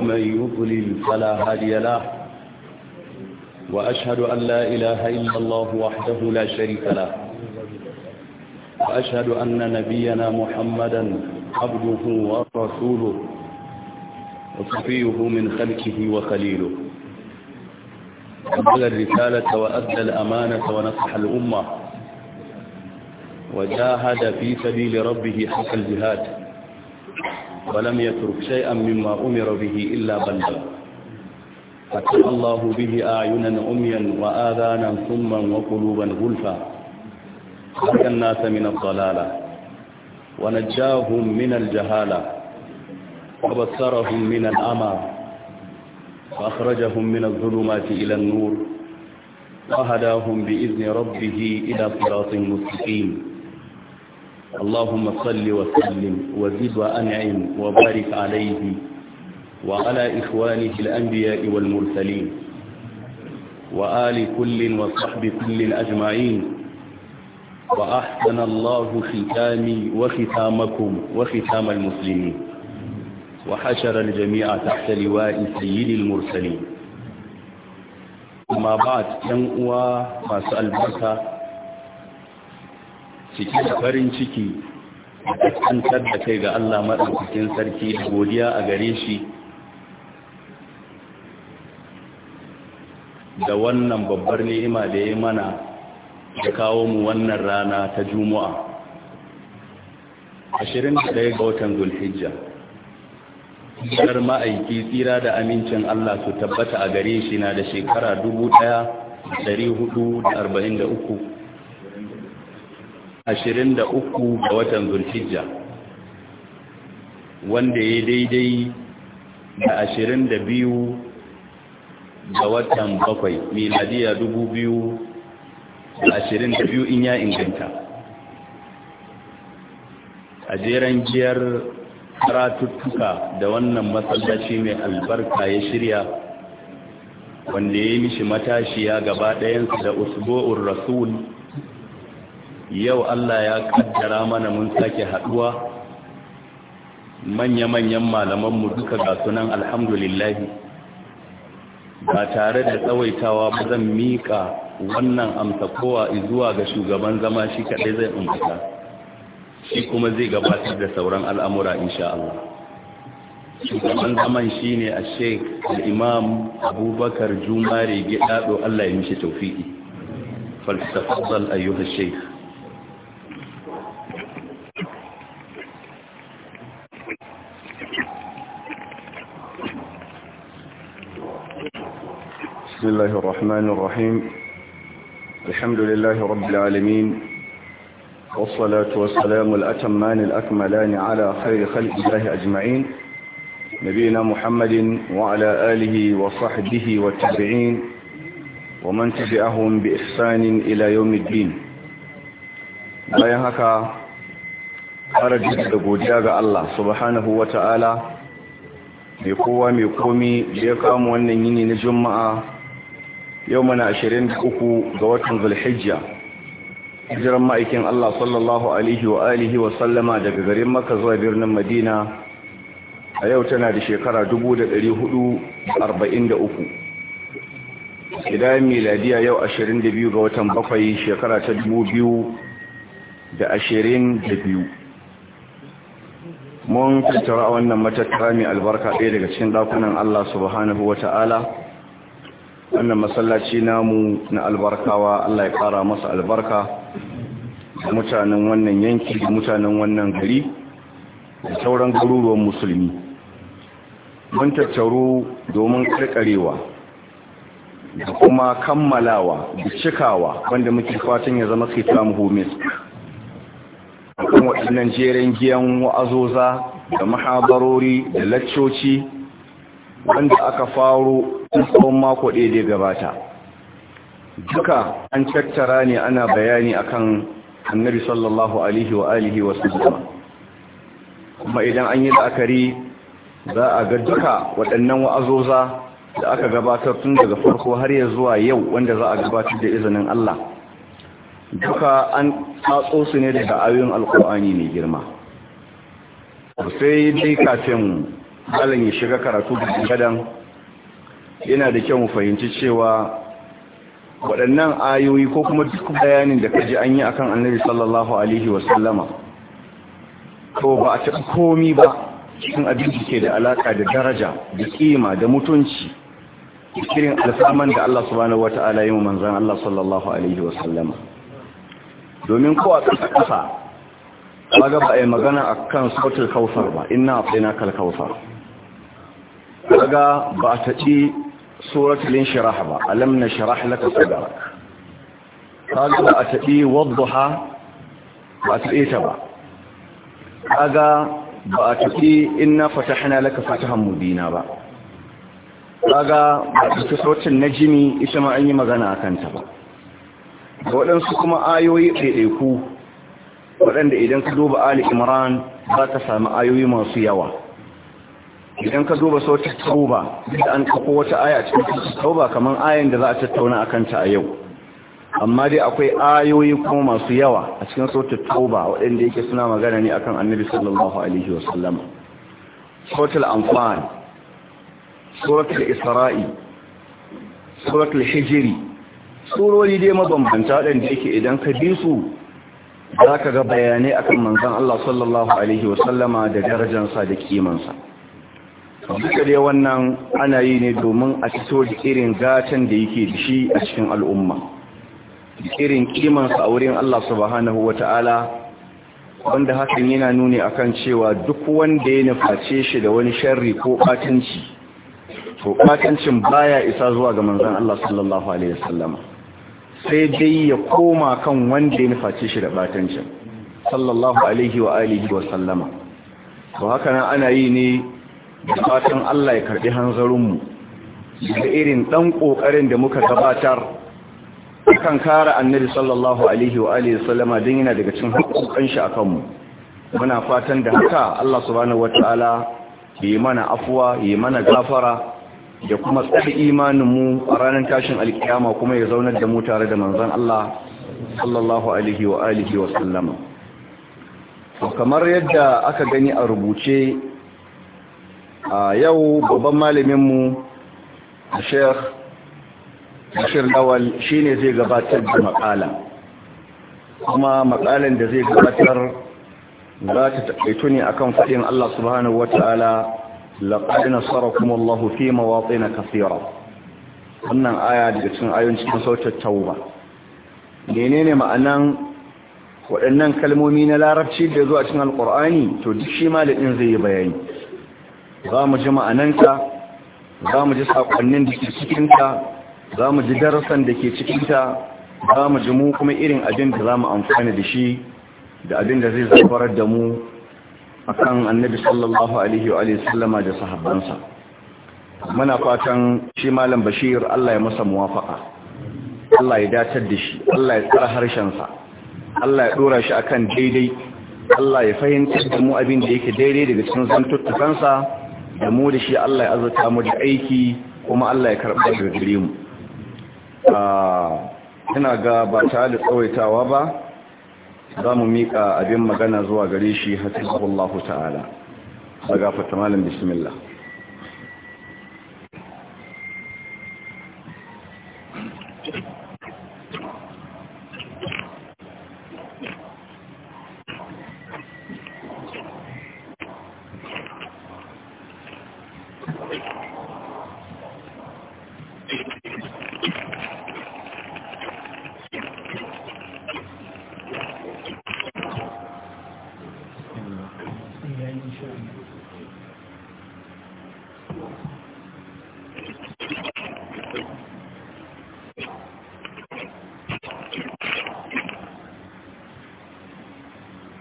ومن يضلل فلا هادي له وأشهد أن لا إله إلا الله وحده لا شريك له وأشهد أن نبينا محمدا عبده ورسوله وصفيه من خلقه وخليله أبلغ الرسالة وأدى الأمانة ونصح الأمة وجاهد في سبيل ربه حق الجهاد ولم يترك شيئا مما أمر به إلا بلغ فتح الله به أعينا عميا وآذانا ثما وقلوبا غلفا خلق الناس من الضلالة ونجاهم من الجهالة وبصرهم من الأمى وأخرجهم من الظلمات إلى النور وهداهم بإذن ربه إلى صراط مستقيم اللهم صل وسلم وزد وأنعم وبارك عليه وعلى إخوانه الأنبياء والمرسلين وآل كل وصحب كل أجمعين وأحسن الله ختامي وختامكم وختام المسلمين وحشر الجميع تحت لواء سيد المرسلين أما بعد ينقوى ما سأل بركة ciki da farin ciki da kantar da kai ga Allah maɗaukakin sarki da godiya a gare shi da wannan babbar ni'ima da ya mana da kawo mu wannan rana ta juma'a 21 ga watan zulhijja hijirar ma'aiki tsira da amincin Allah su tabbata a gare shi na da shekara 1443 ashirin da uku ga watan zulhijja wanda ya daidai da ashirin da biyu ga watan bakwai miladiya dubu biyu da ashirin da biyu in ya inganta a jeren jiyar karatuttuka da wannan matsalaci mai albarka ya shirya wanda ya yi mishi matashiya gaba ɗayansu da usbu'un rasul yau Allah ya kaddara mana mun sake haduwa manya-manyan malamanmu duka ga sunan alhamdulillahi ba tare da tsawaitawa ba zan miƙa wannan amsa kowa zuwa ga shugaban zama shi kaɗai zai umfata shi kuma zai gabatar da sauran al'amura insha shugaban zaman shi ne a sheik al'imam abubakar jumare gidaɗo Allah ya mishi taufi'i falsafazal ayyuhar sheik بسم الله الرحمن الرحيم الحمد لله رب العالمين والصلاة والسلام الأتمان الأكملان على خير خلق الله أجمعين نبينا محمد وعلى آله وصحبه والتابعين ومن تبعهم بإحسان إلى يوم الدين bayan haka ƙara da godiya ga Allah subhanahu wa ta'ala mai kowa mai komi da ya kama wannan yini na juma'a yau muna uku ga watan zulhijja hijiran ma'aikin Allah sallallahu wa alihi wa sallama daga garin Makka zuwa birnin Madina a yau tana da shekara 443 idan miladiya yau 22 ga watan bakwai shekara ta 2022 mun tattara wannan matattara mai albarka ɗaya daga cikin ɗakunan Allah subhanahu wa ta'ala wannan masallaci namu na albarkawa Allah ya kara masa albarka mutanen wannan yanki mutanen wannan gari da sauran garuruwan musulmi mun tattaro domin karkarewa da kuma kammalawa da cikawa wanda muke fatan ya zama kitam homis akan waɗannan jeren giyan wa'azoza da mahabarori da laccoci wanda aka faro tsawon mako ɗaya da gabata duka an tattara ne ana bayani akan annabi sallallahu alaihi wa alihi wa sallam kuma idan an yi la'akari za a ga duka waɗannan wa'azoza da aka gabatar tun daga farko har ya zuwa yau wanda za a gabatar da izinin Allah duka an tatso su ne daga ayoyin alkur'ani mai girma sai dai kafin malam ya shiga karatu da gadan yana da kyau mu fahimci cewa waɗannan ayoyi ko kuma duk bayanin da kaji an yi akan annabi sallallahu alaihi wa sallama. to ba a taɓa komi ba cikin abin da ke da alaƙa da daraja da ƙima da mutunci cikin alfaman da Allah subhanahu wata'ala yi manzan Allah sallallahu alaihi wa sallama. domin ko a ƙasa ƙasa ba ga ba a yi magana a kan sautar kawfar ba ina a tsina kal kawfar kaga ba ta ci suratul shirah ba alam nashrah laka sadrak kaga ba ta ci wadduha ba ta ita ba kaga ba ta ci inna fatahna laka fatahan mubina ba kaga ba ta suratul najmi ita ma an yi magana akan ta ba waɗansu kuma ayoyi ɗaiɗaiku waɗanda idan ka duba ali imran za ka sami ayoyi masu yawa idan ka duba sautar tauba da an kafa wata aya cikin tauba kamar ayan da za a tattauna a kanta a yau amma dai akwai ayoyi kuma masu yawa a cikin sautar tauba waɗanda yake suna magana ne akan annabi sallallahu alaihi wa sallama sautar amfani suratul isra'i suratul hijiri surori dai mabambanta waɗanda yake idan ka bi su za ka ga bayanai akan manzan Allah sallallahu alaihi wa sallama da darajansa da kimansa duka dai wannan ana yi ne domin a fito da irin gatan da yake da shi a cikin al'umma irin kimansa a wurin Allah subhanahu wata'ala wanda hakan yana nuni akan cewa duk wanda ya nuface shi da wani sharri ko batanci to batancin baya isa zuwa ga manzon Allah sallallahu alaihi wasallam sai dai ya koma kan wanda ya nuface shi da batancin sallallahu alaihi wa alihi wa sallama to haka ana yi ne da fatan Allah ya karbi hanzarinmu da irin dan kokarin da muka gabatar kan kare annabi sallallahu alaihi wa alihi sallama din yana daga cikin hukuncin shi akan mu muna fatan da haka Allah subhanahu wataala yi mana afwa yi mana gafara da kuma tsafi imanin mu a ranar tashin alkiyama kuma ya zaunar da mu tare da manzon Allah sallallahu alaihi wa alihi wa sallama to kamar yadda aka gani a rubuce a yau babban malaminmu a sheikh bashir lawal ne zai gabatar da makala kuma makalan da zai gabatar za ta taƙaito ne akan faɗin Allah subhanahu wata'ala tsara kuma Allah mawaƙi na kafira wannan aya daga cikin ayon cikin sautar tauba ne ma'anan waɗannan kalmomi na larabci da zuwa cikin Alƙur'ani? to duk shi malamin zai yi bayani za mu ji ma'ananta za mu ji saƙonnin da ke cikinta za mu ji darasan da ke cikinta za mu ji mu kuma irin abin da za mu amfani da shi da abin da zai zafarar da mu a kan annabi sallallahu alaihi wa sallama da sahabbansa muna fatan shi malam bashir allah ya masa muwafaka allah ya datar da shi allah ya tsara harshensa allah ya ɗora shi akan daidai Allah ya fahimtar da mu abin da yake daidai daga cikin zantuttukansa da mu da shi Allah ya azurta mu da aiki kuma Allah ya karɓa da gare mu ah, ina ga ba ta da tsawaitawa ba za mu miƙa abin magana zuwa gare shi hasibullahu ta'ala Saga fata malam bismillah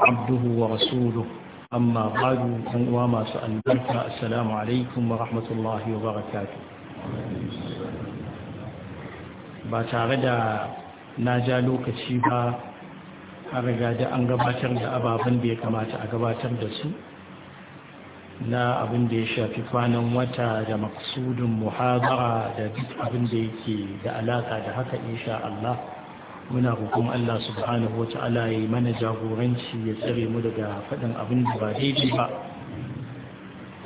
عبده ورسوله أما بعد وما سألبك السلام عليكم ورحمة الله وبركاته باتارد ناجا لوكشي با أرغا دا أن غباتر دا أبابا بي كما تأغباتر دا سو نا أبن دي شافي فانا وتا دا مقصود محاضرة دا بيت أبن دي كي دا ألاقا دا هكا إن شاء الله muna roƙon Allah subhanahu wa ta'ala ya mana jagoranci ya tsare mu daga faɗin abin da ba daidai ba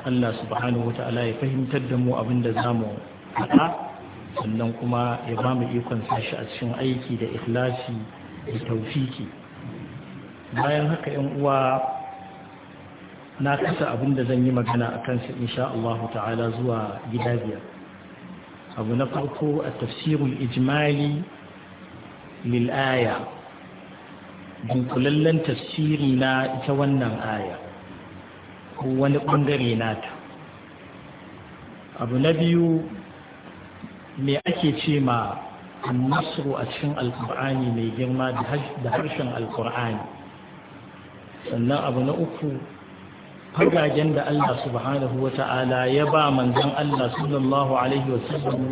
Allah subhanahu wa ta'ala ya fahimtar da mu abin da za mu haɗa, sannan kuma ya ba mu ikon sashi a cikin aiki da ikhlasi da taufiki bayan haka yan uwa na kasa abin da zan yi magana a kansa insha Allah ta'ala zuwa gida biyar abu na farko a tafsirul ijmali lil'aya dunkulallen tafsiri na ita wannan aya ko wani ɓangare nata abu na biyu me ake ce ma annasru a cikin alkur'ani mai girma da harshen alkur'ani sannan abu na uku fagagen da Allah subhanahu wa ta'ala ya ba manzon Allah sallallahu alaihi wasallam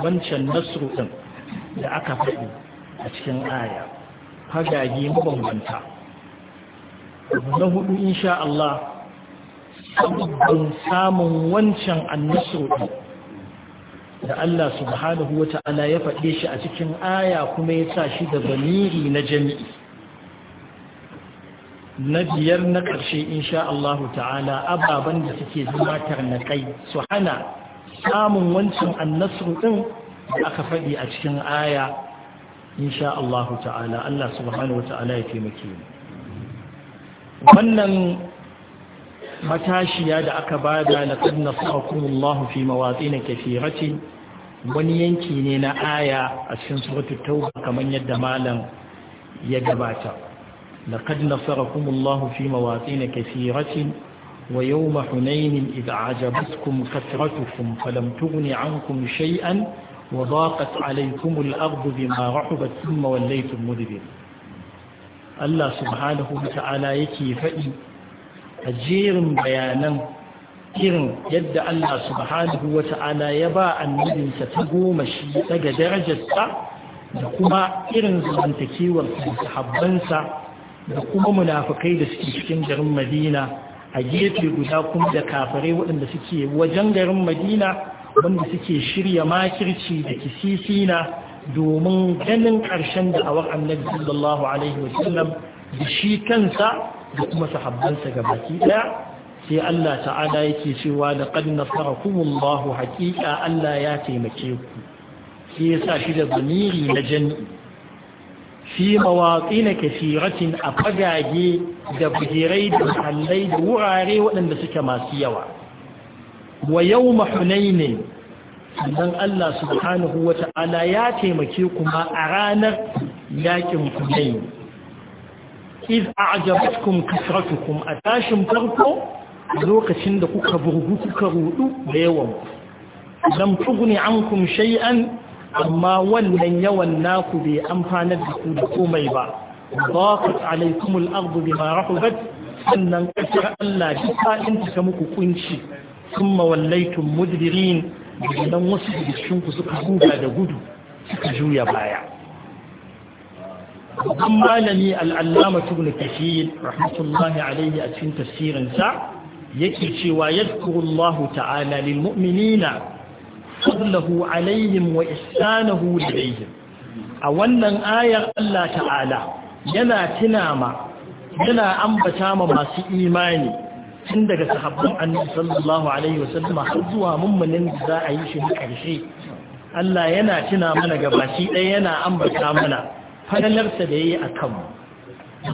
wancan nasru ɗin da aka faɗi a cikin aya fagage mabambanta na hudu insha Allah sabbin samun wancan annasroɗi da Allah subhanahu wa ta'ala ya faɗe shi a cikin aya kuma ya sa shi da zamiri na jami'i na biyar na ƙarshe insha Allah ta'ala ababen da suke zama tarnaƙai su hana samun wancan ɗin da aka faɗi a cikin aya insha allahu ta'ala Allah subhanahu ta'ala ya taimake mu wannan matashiya da aka bada laqad nasarakumullahu fi na kathiratin wani yanki ne na aya a cikin suratul tauba kamar yadda malam ya gabata laqad nasarakumullahu fi mawatin kathiratin ويوم حنين إذ عجبتكم كثرتكم فلم تغن عنكم شيئا وضاقت عليكم الأرض بما رحبت ثم وليتم مدبر الله سبحانه وتعالى يكي فئي أجير بيانا irin yadda Allah subhanahu wa ta'ala ya ba annabinsa ta goma shi daga darajarsa da kuma irin zamantakewar sahabbansa da kuma munafukai da suke cikin garin Madina a gefe guda kuma da kafare waɗanda suke wajen garin Madina wanda suke shirya makirci da kisisina domin ganin ƙarshen da'awar annabi sallallahu alaihi wasallam da shi kansa da kuma sahabbansa ga baki ɗaya sai Allah ta'ala yake cewa da qad nasarakumullahu haqiqa Allah ya taimake ku sai yasa shi da zamiri na jami fi na kathiratin a fagage da bugirai da muhallai da wurare waɗanda suke masu yawa wa yau ne. sannan Allah subhanahu wa ta'ala ya taimake kuma a ranar yakin hunain iz a'jabatkum kasratukum a tashin farko lokacin da kuka burgu kuka rudu da yawan tuguni an ankum shay'an amma wannan yawan naku bai amfanar da ku da komai ba ضاقت عليكم الأرض بما رحبت sannan ƙasar Allah duka in ta muku kunci ثم وليتم mudirin, idan wasu ku suka buga da gudu suka juya baya An malami al'allama tubna kashiyar rahmatullahi alaihi a cikin tafsirinsa yake cewa yadkurullahu ta'ala lil sallahu fadlahu alaihim wa ihsanahu ladaihim a wannan ayar Allah ta'ala yana tunama yana ambata ma masu imani tun daga sahabban annabi sallallahu alaihi wasallam har zuwa mummunin da za a yi shi karshe Allah yana tuna mana gabashi ɗaya yana ambata mana fadalarsa da yayi akan mu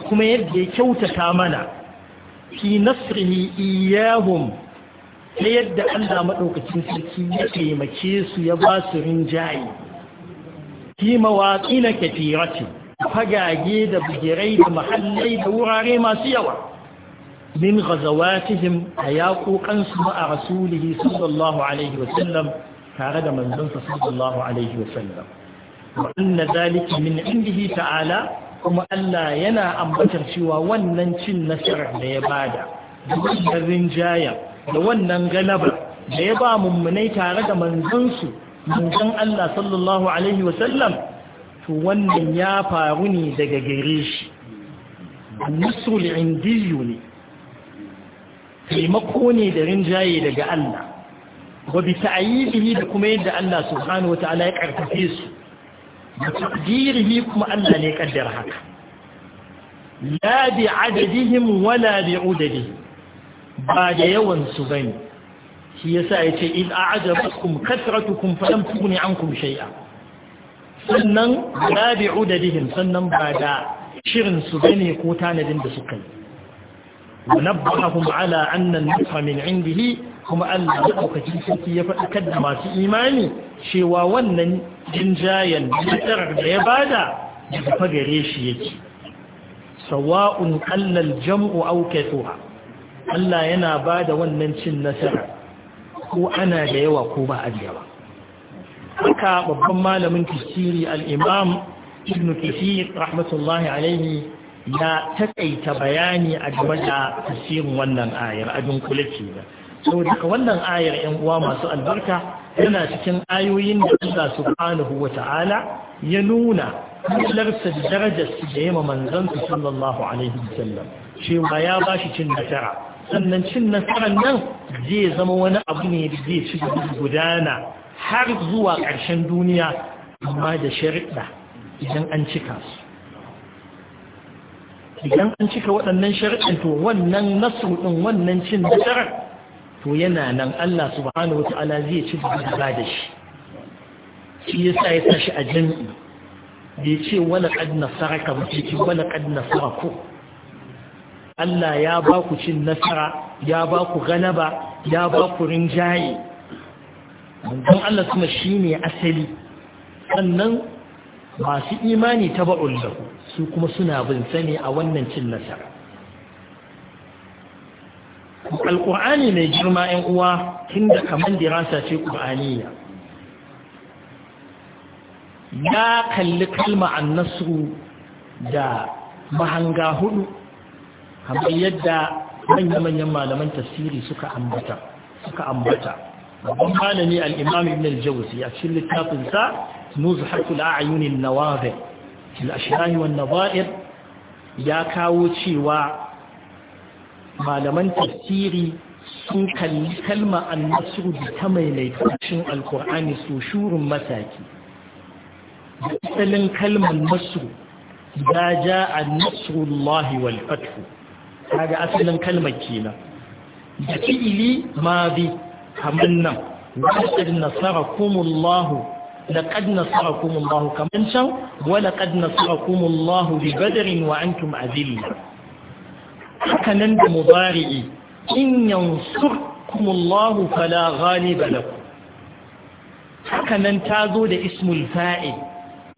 kuma yadda ya kyautata mana fi nasrihi iyahum ta yadda Allah maɗaukacin sarki ya taimake su ya ba su rinjaye fi mawaqina na fagage da bugirai da mahallai da wurare masu yawa min ghazawatihim a yaƙoƙansu ma'a rasulihi sallallahu alaihi wasallam tare da manzansa sallallahu alaihi wasallam wa anna zalika min indihi ta'ala kuma Allah yana ambatar cewa wannan cin nasarar da ya bada da wannan rinjaya da wannan galaba da ya ba mummunai tare da manzansu manzan Allah sallallahu alaihi wasallam to wannan ya faru ne daga gare shi annasru li'indiyyu ne taimako ne da rinjaye daga Allah wa bi da kuma yadda Allah subhanahu wata'ala ya karfafe su da takdirihi kuma Allah ne kaddar haka la bi adadihim wala bi udadihim ba da yawan su bane shi yasa yace in a'jabakum kathratukum falam tughni ankum shay'a sannan la bi udadihim sannan ba da shirin su bane ko tanadin da suka yi ونبههم على أن النصر من عنده kuma Allah ya ɗaukaki sarki ya faɗi kan da masu imani cewa wannan jinjayen jinjar da ya bada da zafa gare shi ya ce sawa'un kallal jam'u au ketuwa Allah yana bada wannan cin nasara ko ana da yawa ko ba a haka babban malamin kishiri al'imam ibn kishi rahmatullahi alaihi ya taƙaita bayani a game da tasirin wannan ayar a dunkule ke da saboda ka wannan ayar ‘yan uwa masu albarka yana cikin ayoyin da Allah subhanahu wa ya nuna kullarsa da su da yama manzansa sallallahu alaihi wasallam cewa ya ba shi cin nasara sannan cin nasaran nan zai zama wani abu ne da zai ci gudana har zuwa ƙarshen duniya amma da shari'a idan an cika su idan an cika waɗannan shari'in to wannan nasu ɗin wannan cin nasarar to yana nan Allah subhanahu wa ta'ala zai ci gaba da shi shi yasa ya tashi a jami'i bai ce wala qad ka ba ce wala qad nasaraku Allah ya ba ku cin nasara ya ba ku ganaba ya ba ku rinjaye don Allah kuma shine asali sannan masu imani tabaul lahu su kuma suna bin sani a wannan cin nasara alƙur'ani mai girma 'yan uwa tun da kamar dirasa ce ƙur'aniya ya kalli kalma annasru da mahanga hudu kamar yadda manya-manyan malaman tafsiri suka ambata suka ambata babban malami al'imam ibn al-jawzi a cikin littafinsa nuzhatul a'yunin nawazin fil ashrahi wan nadha'ir ya kawo cewa malaman tafsiri sun kalli kalma annasru da ta maimaitacin alkur'ani su shurin mataki asalin kalmar nasru da ja annasrullahi wal fathu kaga asalin kalmar kenan da fi'ili ma bi kamar nan wa nasarakumullahu laqad nasarakum Allah kaman can wa laqad nasarakum Allah bi badr wa antum azilla haka nan da mudari'i in yansurkum Allah fala ghaliba lakum haka nan tazo da ismul fa'il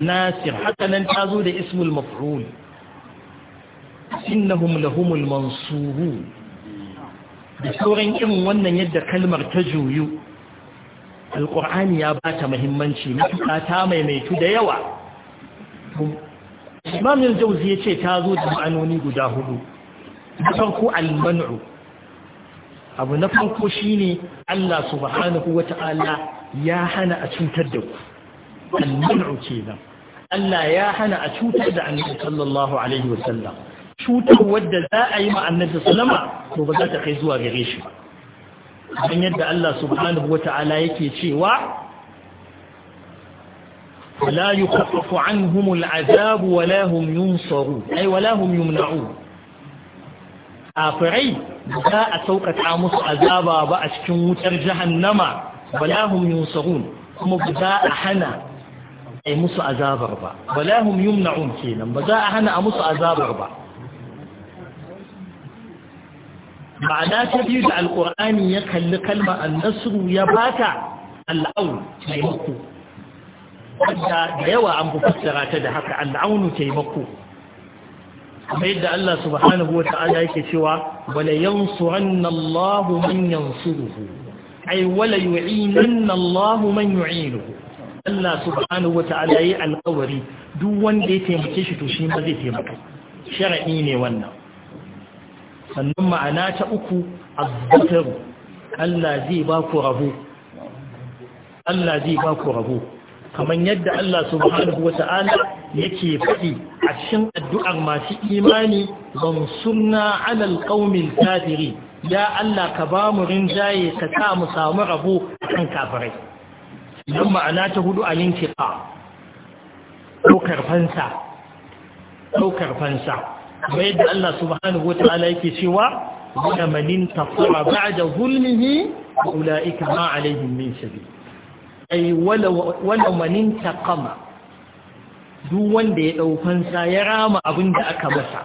nasir haka nan tazo da ismul maf'ul innahum lahumul da irin wannan yadda kalmar ta juyu alƙur'ani ya ba ta muhimmanci matuƙa ta maimaitu da yawa imamin jauzi ya ce ta zo da ma'anoni guda hudu na farko almanu abu na farko shi ne Allah subhanahu wa ta'ala ya hana a cutar da ku almanu nan. Allah ya hana a cutar da annabi sallallahu alaihi wasallam cutar wadda za a yi ma annabi sallama to ba za ta kai zuwa gare shi ba kamar yadda Allah subhanahu ta'ala yake cewa la yukhaffafu anhumul azabu wa la hum yunsaru ay wa la hum a afirai za a saukata musu azaba ba a cikin wutar jahannama wala la hum yunsarun kuma ba za a hana a musu azabar ba wala la hum kenan ba za a hana a musu azabar ba ma'ana ta biyu da alƙur'ani ya kalli kalmar annasru ya bata al'aun taimako wadda da yawa an fi ta da haka al'aunu taimako kamar yadda Allah subhanahu wa ta'ala yake cewa wala yansuranna Allah man yansuruhu ai wala yu'inanna Allah man yu'inuhu Allah subhanahu wa ta'ala yayi alƙawari duk wanda ya taimake shi to shi ma zai taimaka shar'i ne wannan sannan ma'ana ta uku azzakaru Allah zai ba ku Allah zai ba ku kamar yadda Allah subhanahu wata'ala yake faɗi a cikin addu'ar masu imani ban sunna alal qaumil kafiri ya Allah ka ba mu rinjaye ka sa mu samu rabu kan kafirai don ma'ana ta hudu a ba. ɗaukar fansa ɗaukar fansa Ba yadda Allah subhanahu wa ta'ala yake cewa wanda manin tafara ba'da zulmihi ulaika ma alaihim min sabil ai wala wala manin taqama duk wanda ya daukan sa ya rama abin da aka masa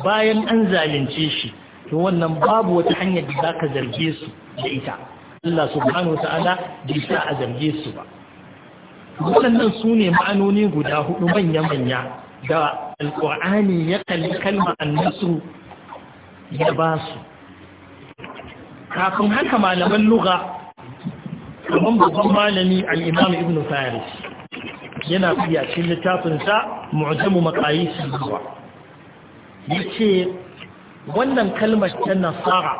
bayan an zalunce shi to wannan babu wata hanyar da zaka zarge su da ita Allah subhanahu wa ta'ala bai sa a zarge su ba waɗannan su ne ma'anoni guda hudu manya-manya da alƙur'ani ya kalli kalma annasu ya ba su kafin haka malaman luga kamar babban malami al'imam ibn faris yana fiya cikin littafinsa mu makayi su zuwa ya ce wannan kalmar ta nasara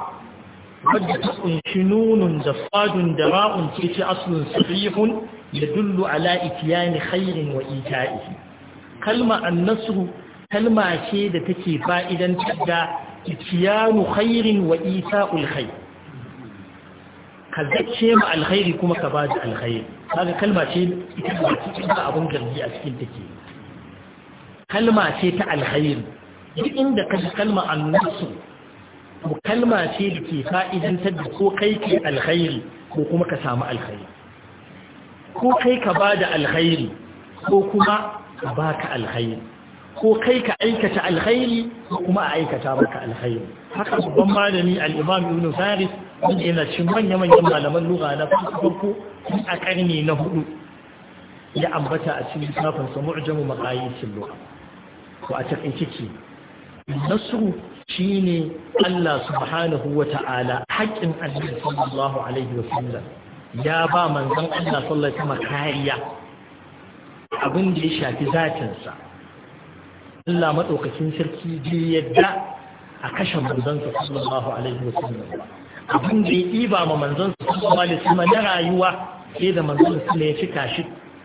wadda ta kunshi nunun da fadun da ra'un ce ce asulun sarihun ya dullu ala itiyani khairin wa ita'ihi kalma annasru kalma ce da take fa'idan da itiyanu khairin wa Isa khair ka zace ma alkhairi kuma ka ba da alkhairi kaga kalma ce ita ba cikin abun gargi a cikin take kalma ce ta alkhairi duk inda ka ji kalma annasru to kalma ce da ke fa'idantar da ko kai ke alkhairi ko kuma ka samu alkhairi ko kai ka ba da alkhairi ko kuma a baka alkhairi ko kai ka aikata alkhairi kuma a aikata baka alkhairi haka babban malami alimam imam ibn faris wanda yana cin manya-manyan malaman lura na farko a karni na hudu ya ambata a cikin safin sa mu'jamu maqayisil lugha ko a ciki ki nasru shine Allah subhanahu wata'ala haƙin annabi sallallahu alaihi ya ba manzon Allah sallallahu alaihi wasallam kariya abin da ya shafi zatinsa Allah maɗaukakin sarki ji yadda a kashe manzansa sallallahu alaihi wa sallam abin da ya ɗiba ma manzansa sallallahu alaihi wa sallam na rayuwa sai da manzansa sallallahu ya ci kashi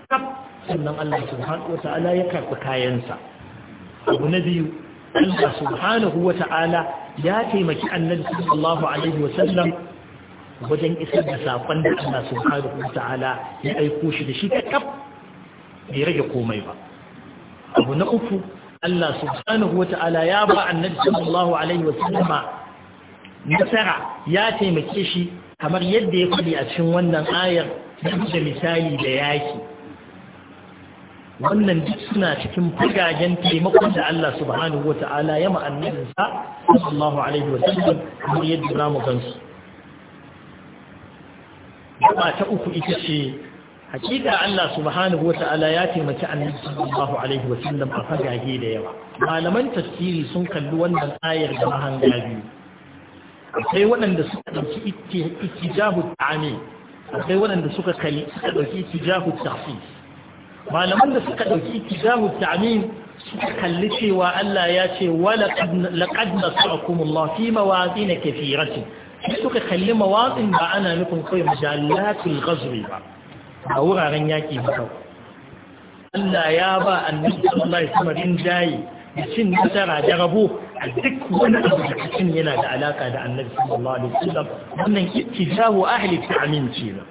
kaf sannan Allah subhanahu wa ta'ala ya karɓi kayansa abu na biyu Allah subhanahu wa ta'ala ya taimaki annabi sallallahu alaihi wa sallam wajen isar da saƙon da Allah subhanahu wa ta'ala ya aiko shi da shi ta kaf bai rage komai ba abu na uku Allah subhanahu wata'ala ya ba annabi sallallahu alaihi wasallam nasara ya taimake shi kamar yadda ya faɗi a cikin wannan ayar da misali da yaki wannan duk suna cikin fagagen taimakon da Allah subhanahu wata'ala ya ma'annabinsa sallallahu alaihi wasallam kamar yadda za mu gansu. Gaba ta uku ita ce hakika Allah subhanahu wata'ala ya taimaki annabi sallallahu alaihi wasallam a fagage da yawa malaman tafsiri sun kalli wannan ayar da mahanga biyu akwai waɗanda suka ɗauki ittijahu ta'ami akwai waɗanda suka kalli suka ɗauki ittijahu tafsir malaman da suka ɗauki ittijahu ta'ami suka kalli cewa Allah ya ce wa laqad nasarakumullahu fi mawazin kathiratin suka kalli mawazin ba ana nufin kawai majallatul ghazwi ba a wuraren yaƙi ba Allah ya ba annabi sallallahu alaihi wasallam rinjaye da cin nasara da rabo a duk wani abu da cikin yana da alaka da annabi sallallahu alaihi sallam wannan ittijahu ahli ta'min ce ba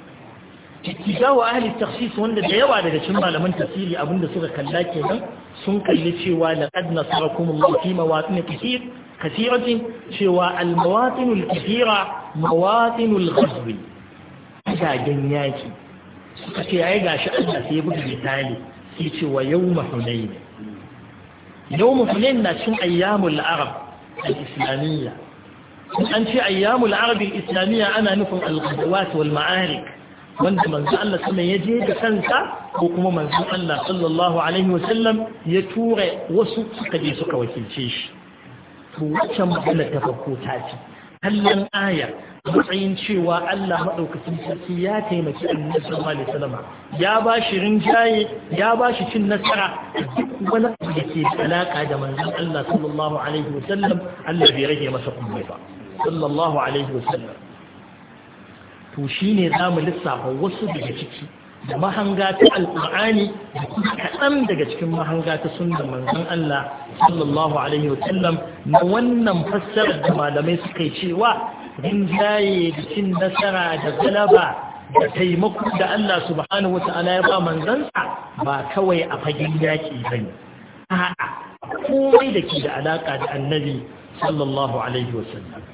ittijahu ahli su wanda da yawa daga cikin malaman tafsiri abinda suka kalla ke nan sun kalli cewa laqad nasarakumullahu fi mawatin kathir kathiratin cewa al mawatin al kathira mawatin al ghazwi jagen yaki suka ce yayi gashi Allah sai ya buga misali sai ce wa yawma hunain yawma hunain na cin ayyamul arab al-islamiyya in an ce ayyamul arab al-islamiyya ana nufin al-ghadawat wal ma'arik wanda manzo Allah sama ya je da kansa ko kuma manzo Allah sallallahu alaihi wasallam ya ture wasu suka je suka wakilce shi to wacce magana ta farko ta ce kallon aya matsayin cewa Allah maɗaukacin sarki ya taimaki annabi sallallahu alaihi wasallam ya ba shi rinjaye ya ba shi cin nasara duk wani abu da ke alaka da manzon Allah sallallahu alaihi wasallam Allah bai rage masa komai ba sallallahu alaihi wasallam to shine zamu lissafa wasu daga ciki da mahanga ta alƙur'ani da kuma daga cikin mahanga ta sunna manzon Allah sallallahu alaihi wasallam na wannan fassarar da malamai suka yi cewa rinjaye da cin nasara da galaba da taimako da Allah subhanahu wata'ala ya ba manzansa ba kawai a fagen yaƙi ba ne a'a komai da ke da alaƙa da annabi sallallahu alaihi wasallam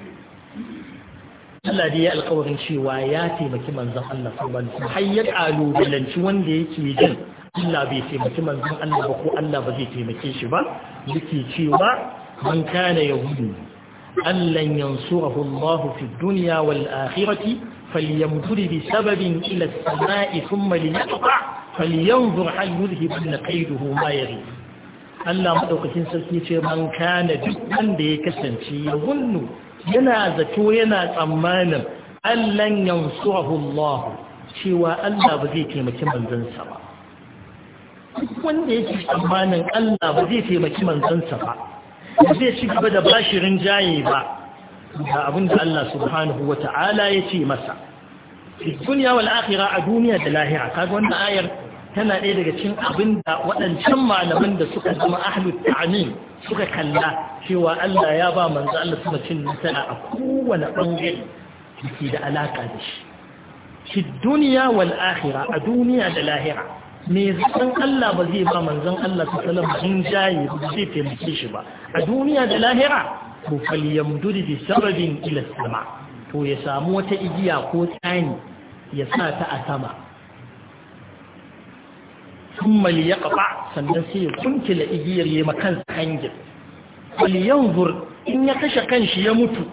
Allah dai ya alƙawarin cewa ya taimaki manzan Allah sallallahu alaihi wasallam har ya ƙalubalanci wanda yake jin Allah bai taimaki manzan Allah ba ko Allah ba zai taimake shi ba yake cewa man kana yahudi allan yansurahu Allah fi dunya wal akhirati falyamdur bi sababin ila as-sama'i thumma liyaqta falyanzur hal yudhibanna kayduhu Allah maɗaukacin sarki ce man kana duk wanda ya kasance ya gunnu yana zato yana tsammanin allan yansurahu Allah cewa Allah ba zai taimaki manzansa ba wanda yake tsammanin Allah ba zai taimaki manzansa ba zai ci gaba da bashi rinjaye ba ga abinda Allah subhanahu wa ta'ala ya ce masa duniya wal akhira a duniya da lahira kaga wannan ayar tana ɗaya daga cikin abinda waɗancan malaman da suka zama ahlu ta'amin suka kalla cewa Allah ya ba manzo Allah sama cin nasara a kowane bangare da da alaka da shi fi duniya wal akhira a duniya da lahira me zan Allah ba zai ba manzon Allah ta salama in jaye ba zai taimake shi ba a duniya da lahira to falyamdud bi sababin ila sama to ya samu wata igiya ko tsani ya sa ta a sama ya kafa sannan sai ya kunkila igiyar yayi makan hangin falyanzur in ya kashe kanshi ya mutu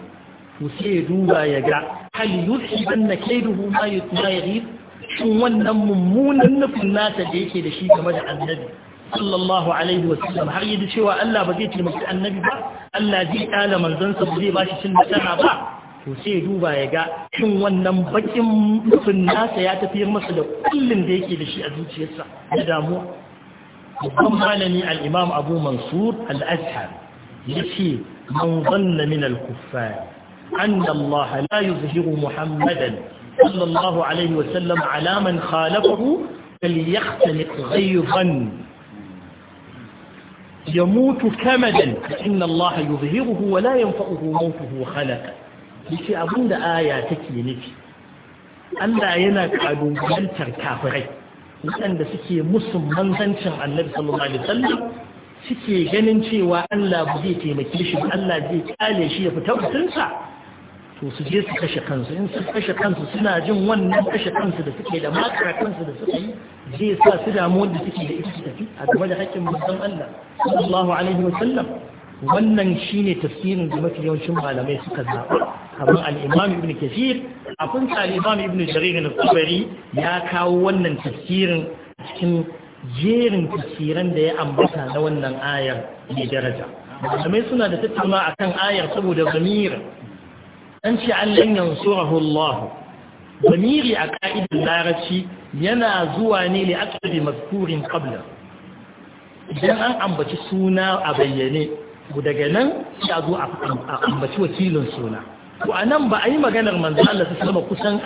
to sai ya duba ya ga hal yuzhibanna kayduhu ma yutma'id cikin wannan mummunan nufin nasa da yake da shi game da annabi sallallahu alaihi wasallam har yi da cewa Allah ba zai taimaki annabi ba Allah zai kala manzansa ba zai bashi cin nasara ba to sai duba ya ga shin wannan bakin nufin nasa ya tafiyar masa da kullun da yake da shi a zuciyarsa da damuwa babban malami al-imam Abu Mansur al-Azhar yace man zanna min al-kuffar anna Allah la yuzhiru Muhammadan صلى الله عليه وسلم على من خالفه فليختلق غيظا يموت كمدا فإن الله يظهره ولا ينفعه موته خلقا لكي أبن آية تكينك ألا ينك أبو بلتر كافرين waɗanda suke musu manzancin annabi sallallahu alaihi wasallam suke ganin cewa Allah ba zai taimake shi ba Allah zai kale shi ya fita mutunsa to su je su kashe kansu in su kashe kansu suna jin wannan kashe kansu da suke da makara kansu da suka yi zai sa su damuwar da suke da ita su tafi a game da haƙƙin musan Allah sallallahu alaihi wa sallam wannan shine tafsirin da mafi yawancin malamai suka zaɓa kamar al-Imam Ibn Kathir abin sa al-Imam Ibn Jarir al-Tabari ya kawo wannan tafsirin cikin jerin tafsiran da ya ambata na wannan ayar mai daraja malamai suna da tattauna akan ayar saboda zamir an ce an lan surahu Allah zamiri a ka'idar larashi yana zuwa ne li aqdi mazkurin qabla idan an ambaci suna a bayyane daga nan ya zo a ambaci wakilin suna to anan ba a yi maganar manzo Allah sallallahu kusan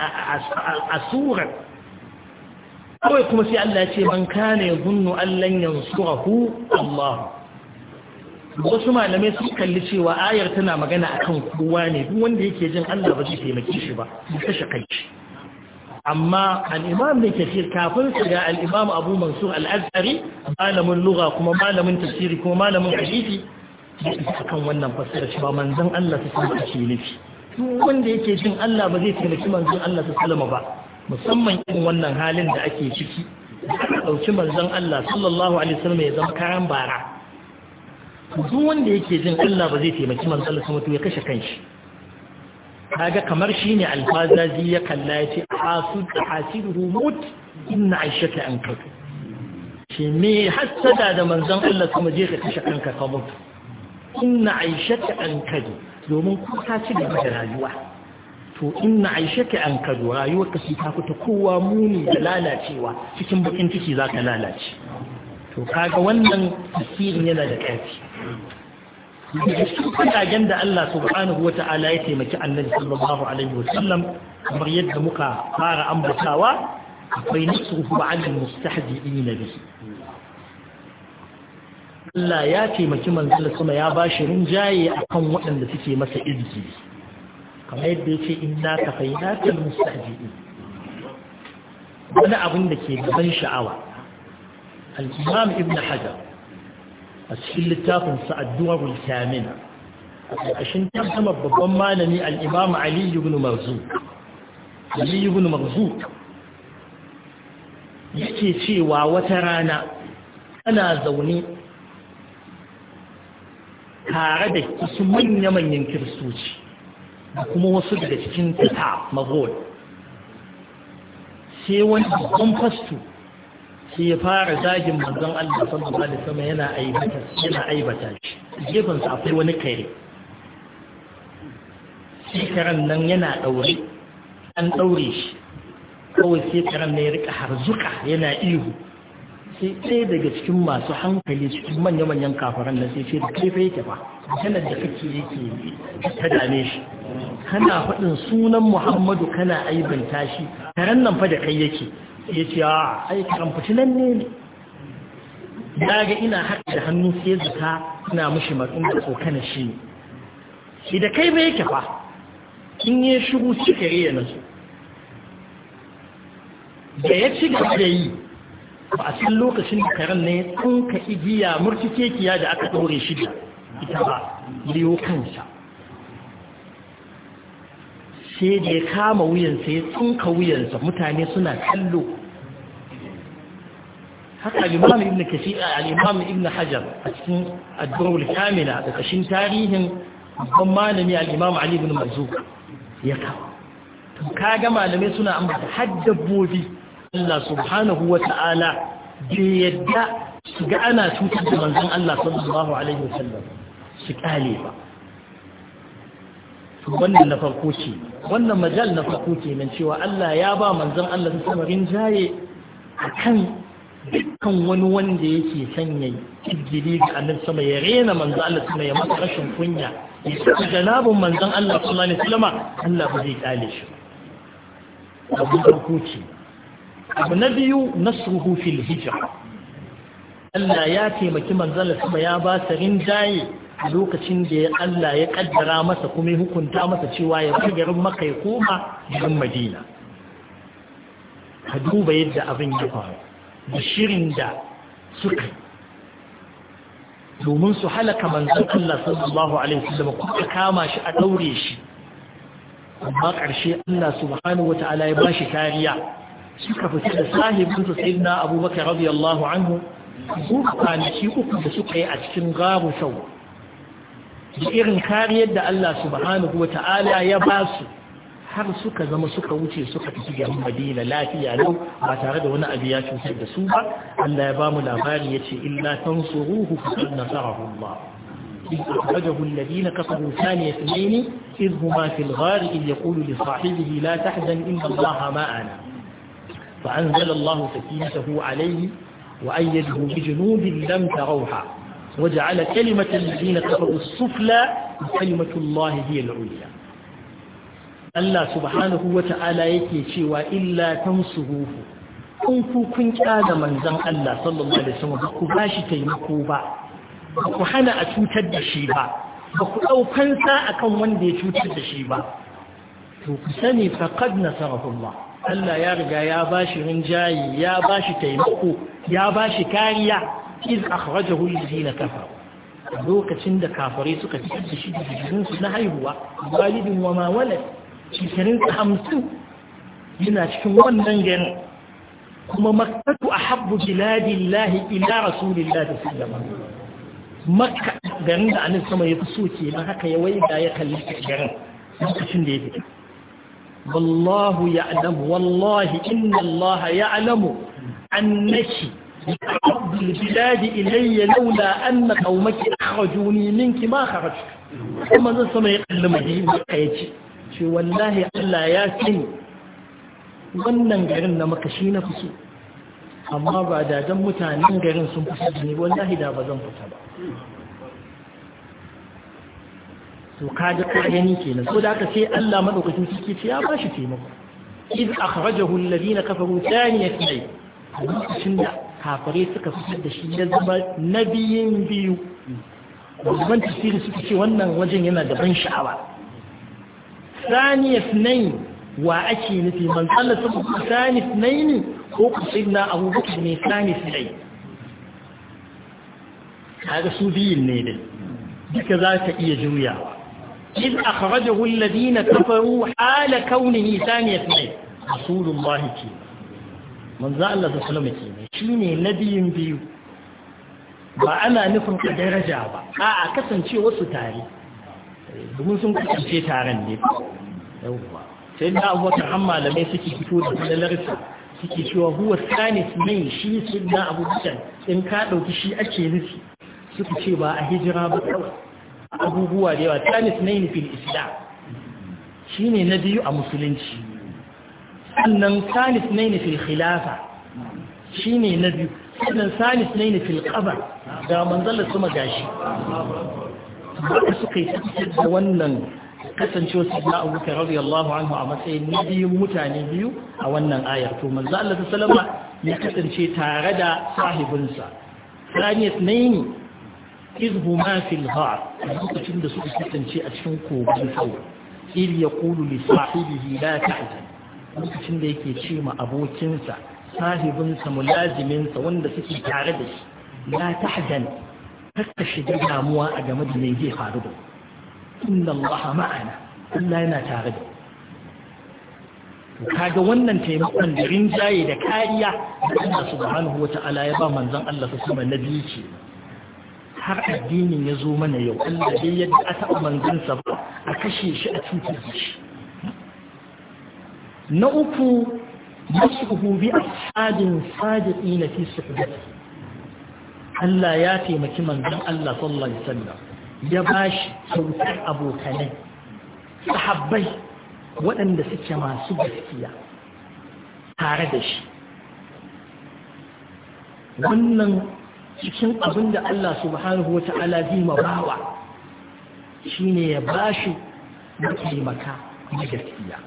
a surar kawai kuma sai Allah ya ce man kana yadhunnu an lan yansurahu Allah wasu malamai sun kalli cewa ayar tana magana akan kowa ne duk wanda yake jin Allah ba zai taimake shi ba ya kashe kanshi amma al-imam ne kafir kafin su ga al-imam Abu Mansur al-Azhari malamin lugha kuma malamin tafsiri kuma malamin hadisi kan wannan fassara shi ba manzon Allah ta san shi nufi duk wanda yake jin Allah ba zai taimaki manzon Allah ta salama ba musamman irin wannan halin da ake ciki dauki manzon Allah sallallahu alaihi wasallam ya zama kayan bara duk wanda yake jin Allah ba zai taimaki manzon sama to ya kashe kanshi kaga kamar shine alfazazi ya kalla yace asu hasidu mut inna aishata an kafu shi me hasada da manzon Allah kuma je ka kashe kanka ka mutu inna aishata an kadu domin ku ka ci gaba da rayuwa to inna aishata an kadu rayuwar ka ta fita kowa muni da lalacewa cikin bukin ciki zaka lalace to kaga wannan tasirin yana da ƙarfi daga su kudagen da Allah subhanahu ta'ala ya taimaki annabi sallallahu alaihi sallam kamar yadda muka fara ambatawa akwai nasruhu ala almustahzi'in bihi Allah ya taimaki manzon sama ya bashi rinjaye akan waɗanda suke masa izgi kamar yadda yake inna kafainatal mustahzi'in wani abin da ke gaban sha'awa الإمام ابن حجر a cikin سأدور الثامنة عشان تفهم ببن مالني الإمام علي بن مرزوق علي بن مرزوق yake cewa wata rana tana zaune tare da cikin manya-manyan kiristoci da kuma wasu daga cikin tata magol sai wani babban fasto sai ya fara zagin manzon Allah sallallahu alaihi wasallam yana aibata yana aibata shi gefen sa akwai wani kare shi karen nan yana daure an daure shi kawai sai karen ne ya rika harzuka yana ihu sai ɗaya daga cikin masu hankali cikin manya-manyan kafaran nan sai ce da kai fa yake ba kana da kake yake ta dame shi kana faɗin sunan Muhammadu kana aibanta shi karen nan fa da kai yake ya ce a ne ne ya ga ina haka da hannu sai zuka ina mushi matsin da tsokana shi ne shi da kai mai yake fa in yi shiru cika riya na su da ya ci gaba da yi ba a cikin lokacin da karen ne ya tsanka igiya kekiya da aka ɗore shi da ita ba liyo kansa sai da ya kama wuyansa ya tsunka wuyansa mutane suna kallo haka al'imam ibn kashi al'imam ibn hajar a cikin addu'ar kamila da kashin tarihin babban malami al'imam ali ibn marzuk ya kawo ka kaga malamai suna ambata har dabbobi Allah subhanahu wa ta'ala bai yadda su ga ana cutar da manzan Allah sallallahu alaihi wasallam su kale ba wannan na farko ce wannan majal na farko ce min cewa Allah ya ba manzon Allah sama rinjaye akan dukkan wani wanda yake sanya kirgiri ga annabi sama ya rena manzon Allah sama ya masa rashin kunya ya saka janabun manzon Allah sallallahu alaihi wasallam Allah ba zai kale shi abu farko ce abu na biyu nasruhu fil hijra Allah ya taimaki manzon Allah sama ya ba sa rinjaye lokacin da ya Allah ya kaddara masa kuma ya hukunta masa cewa ya fi garin Makka ya koma garin Madina ka duba yadda abin ya faru da shirin da suka domin su halaka manzon Allah sallallahu alaihi wasallam kuma kama shi a daure shi amma ƙarshe Allah subhanahu Ta'ala ya bashi kariya suka fita da sahibinsa sayyidina Abubakar radiyallahu anhu su kwanaki uku da suka yi a cikin gabu sau da irin kariyar da Allah subhanahu wa ya basu har suka zama suka wuce suka fi gyan madina lafiya lau ba tare da wani abu ya cutar da su ba Allah ya bamu labari ya ce illa tan su ruhu fusar na tsarahun ba rajahun ladina kafa rusa ne ya sanye ne in huma fil ghari in ya kulu da la ta hadan in Allah ma'ana fa an zala Allah sakinsa hu alaihi wa ayyadu bi junubin lam tarauha وجعل كلمة الذين كفروا السفلى وكلمة الله هي العليا الله سبحانه وتعالى yake cewa illa tansuruhu kun ku kun kyada manzon Allah sallallahu alaihi wasallam ku bashi taimako ba ku hana a cutar da shi ba ba ku daukan sa akan wanda ya cutar da shi ba to ku sani faqad nasarahu Allah Allah ya riga ya bashi rinjayi ya bashi taimako ya bashi kariya iz akhrajahu alladhina kafaru lokacin da kafare suka fitar da shi da jikin su na haihuwa walidin wa ma walad shekarun hamsin yana cikin wannan garin kuma makkatu ahabbu biladillahi ila rasulillahi sallallahu alaihi wasallam makka garin da annabi sama ya fi so ke nan haka ya waiga ya kalli garin lokacin da ya fita wallahu ya'lamu wallahi inna allaha ya'lamu annaki بأرض البلاد إلي لولا أن قومك أخرجوني منك ما خرجت kuma zan sama ya kalli mahimmi a ya ce ce wallahi Allah ya sani wannan garin na makashi na fi amma ba da don mutanen garin sun fi su ne wallahi da ba zan fita ba to kaji ƙaryani kenan so da haka sai Allah maɗaukacin suke ce ya ba shi taimako iz akhrajahu alladhina kafirai suka fitar da shi ya zama na biyun biyu babban tafsiri suka ce wannan wajen yana da ban sha'awa saniyas nai wa ake nufi man Allah sun ku saniyas nai ne ko ku sidna abubakar ne saniyas nai kaga su biyun ne dai duka za ta iya juyawa إذ أخرجه الذين كفروا حال كونه ثانية اثنين رسول الله كيما manzo Allah sallallahu alaihi wasallam ne na biyun biyu ba ana nufin a daraja ba a a kasance wasu tare domin sun kasance taron ne sai da abubakar da mai suke fito da kudalarsa suke cewa huwa sanis mai shi su na abubakar in ka ɗauki shi ake nufi suka ce ba a hijira ba kawai abubuwa da yawa sanis mai nufin islam shi ne na biyu a musulunci sannan salis na nufin khilafa ne na biyu sannan salis ne fil qabr da manzalar kuma gashi ba suka yi da wannan kasancewa su na abubakar radiyallahu anhu a matsayin na biyu mutane biyu a wannan ayar to manzo Allah salama ya kasance tare da sahibinsa saniyat naini iz huma fil har lokacin da suka kasance a cikin kogon sau il yaqulu li sahibihi la tahzan lokacin da yake ce ma abokinsa sahibinsa mulaziminsa wanda suke tare da shi la tahzan kakka shiga damuwa a game da mai zai faru da inna Allah ma'ana Allah yana tare da kaga wannan taimakon da rinjaye da kariya da Allah subhanahu wata'ala ya ba manzon Allah su kuma nabi ce har addinin ya zo mana yau Allah dai yadda a taɓa manzansa ba a kashe shi a cutar shi na uku نصفه بأحد صادقين في صحبته Allah ya taimaki manzon Allah sallallahu alaihi wasallam ya bashi kyautar abokanai sahabbai waɗanda suke masu gaskiya tare da shi wannan cikin abin da Allah subhanahu wata'ala Zima Bawa, shine ya bashi mataimaka na gaskiya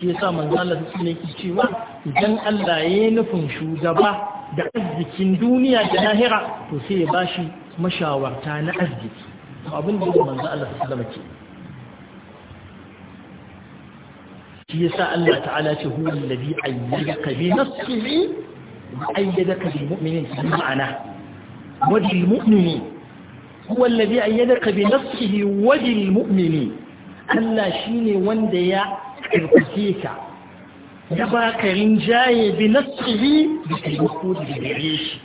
shi yasa manzo Allah su ne ke cewa idan Allah ya nufin shugaba da arzikin duniya da lahira to sai ya ba shi mashawarta na arziki to abin da manzo Allah sallama ke shi yasa Allah ta'ala ce huwa alladhi ayyadaka bi nasrihi ayyadaka bil mu'minin bi ma'ana wa bil mu'mini huwa alladhi da bi nasrihi wa wajen mu'mini Allah shi ne wanda ya ka ya ba ka rinjaye bi nasrihi da taimako da gare shi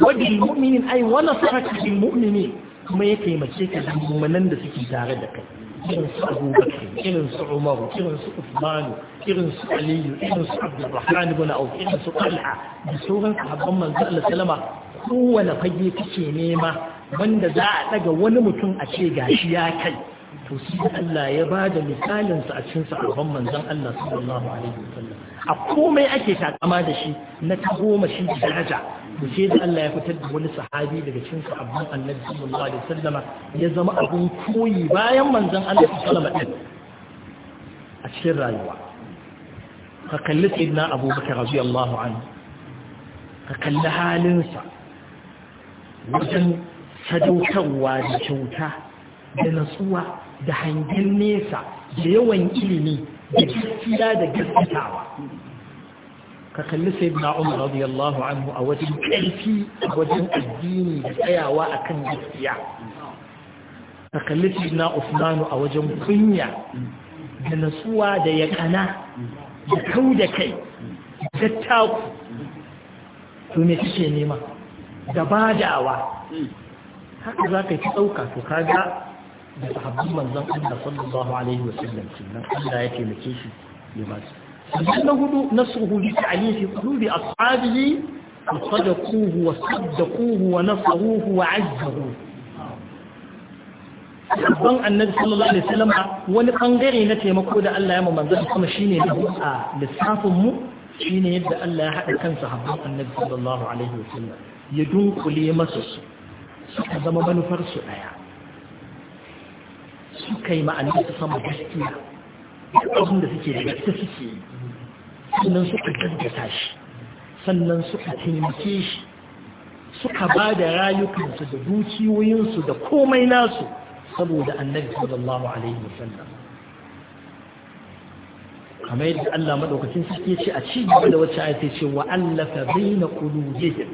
wadin mu'minin ai wala saraka kuma ya taimake ka da da suke tare da kai irin su abubakar irin su umaru irin su usmanu irin su aliyu irin su abdurrahman irin su talha da sauran sahabban manzo Allah sallama kowane fage kake nema wanda za a daga wani mutum a ce gashi ya kai to shi Allah ya ba da misalinsa a cikin sahabban manzon Allah sallallahu alaihi wasallam a komai ake takama da shi na ta goma shi da daraja to sai da Allah ya fitar da wani sahabi daga cikin sahabban Annabi sallallahu alaihi wasallam ya zama abun koyi bayan manzon Allah sallallahu alaihi wasallam a cikin rayuwa ka kalli sayyidina Abu Bakar radiyallahu anhu ka kalli halinsa wajen sadaukarwa da kyauta da natsuwa da hangen nesa da yawan ilimi da gaskiya da gaskatawa ka kalli sai na umar radiyallahu anhu a wajen ƙarfi a wajen addini da tsayawa a kan gaskiya ka kalli sai na usmanu a wajen kunya da natsuwa da yaƙana da kau da kai da taku to me kike nema da badawa haka za ka yi ɗauka to ga? da sahabbin manzon Allah sallallahu alaihi wa sallam kenan Allah ya taimake shi ya ba su sannan na hudu nasruhu bi ta'lifi qulubi ashabihi wa وصدقوه wa وعزروه sabon annabi sallallahu alaihi wasallam wani bangare na taimako da Allah ya mu manzo kuma shine da a lissafin mu shine yadda Allah ya hada kansa habban annabi sallallahu alaihi wasallam ya dunkule masa su suka zama manufar su daya suka yi ma'anin su sama gaskiya abin da suke da gaske suke yi sannan suka gaggata shi sannan suka taimake shi suka ba da rayukansu da dukiyoyinsu da komai nasu saboda annabi sallallahu alaihi wasallam kamar yadda Allah madaukakin suke ce a ci gaba da wacce ayata ce wa allafa baina qulubihim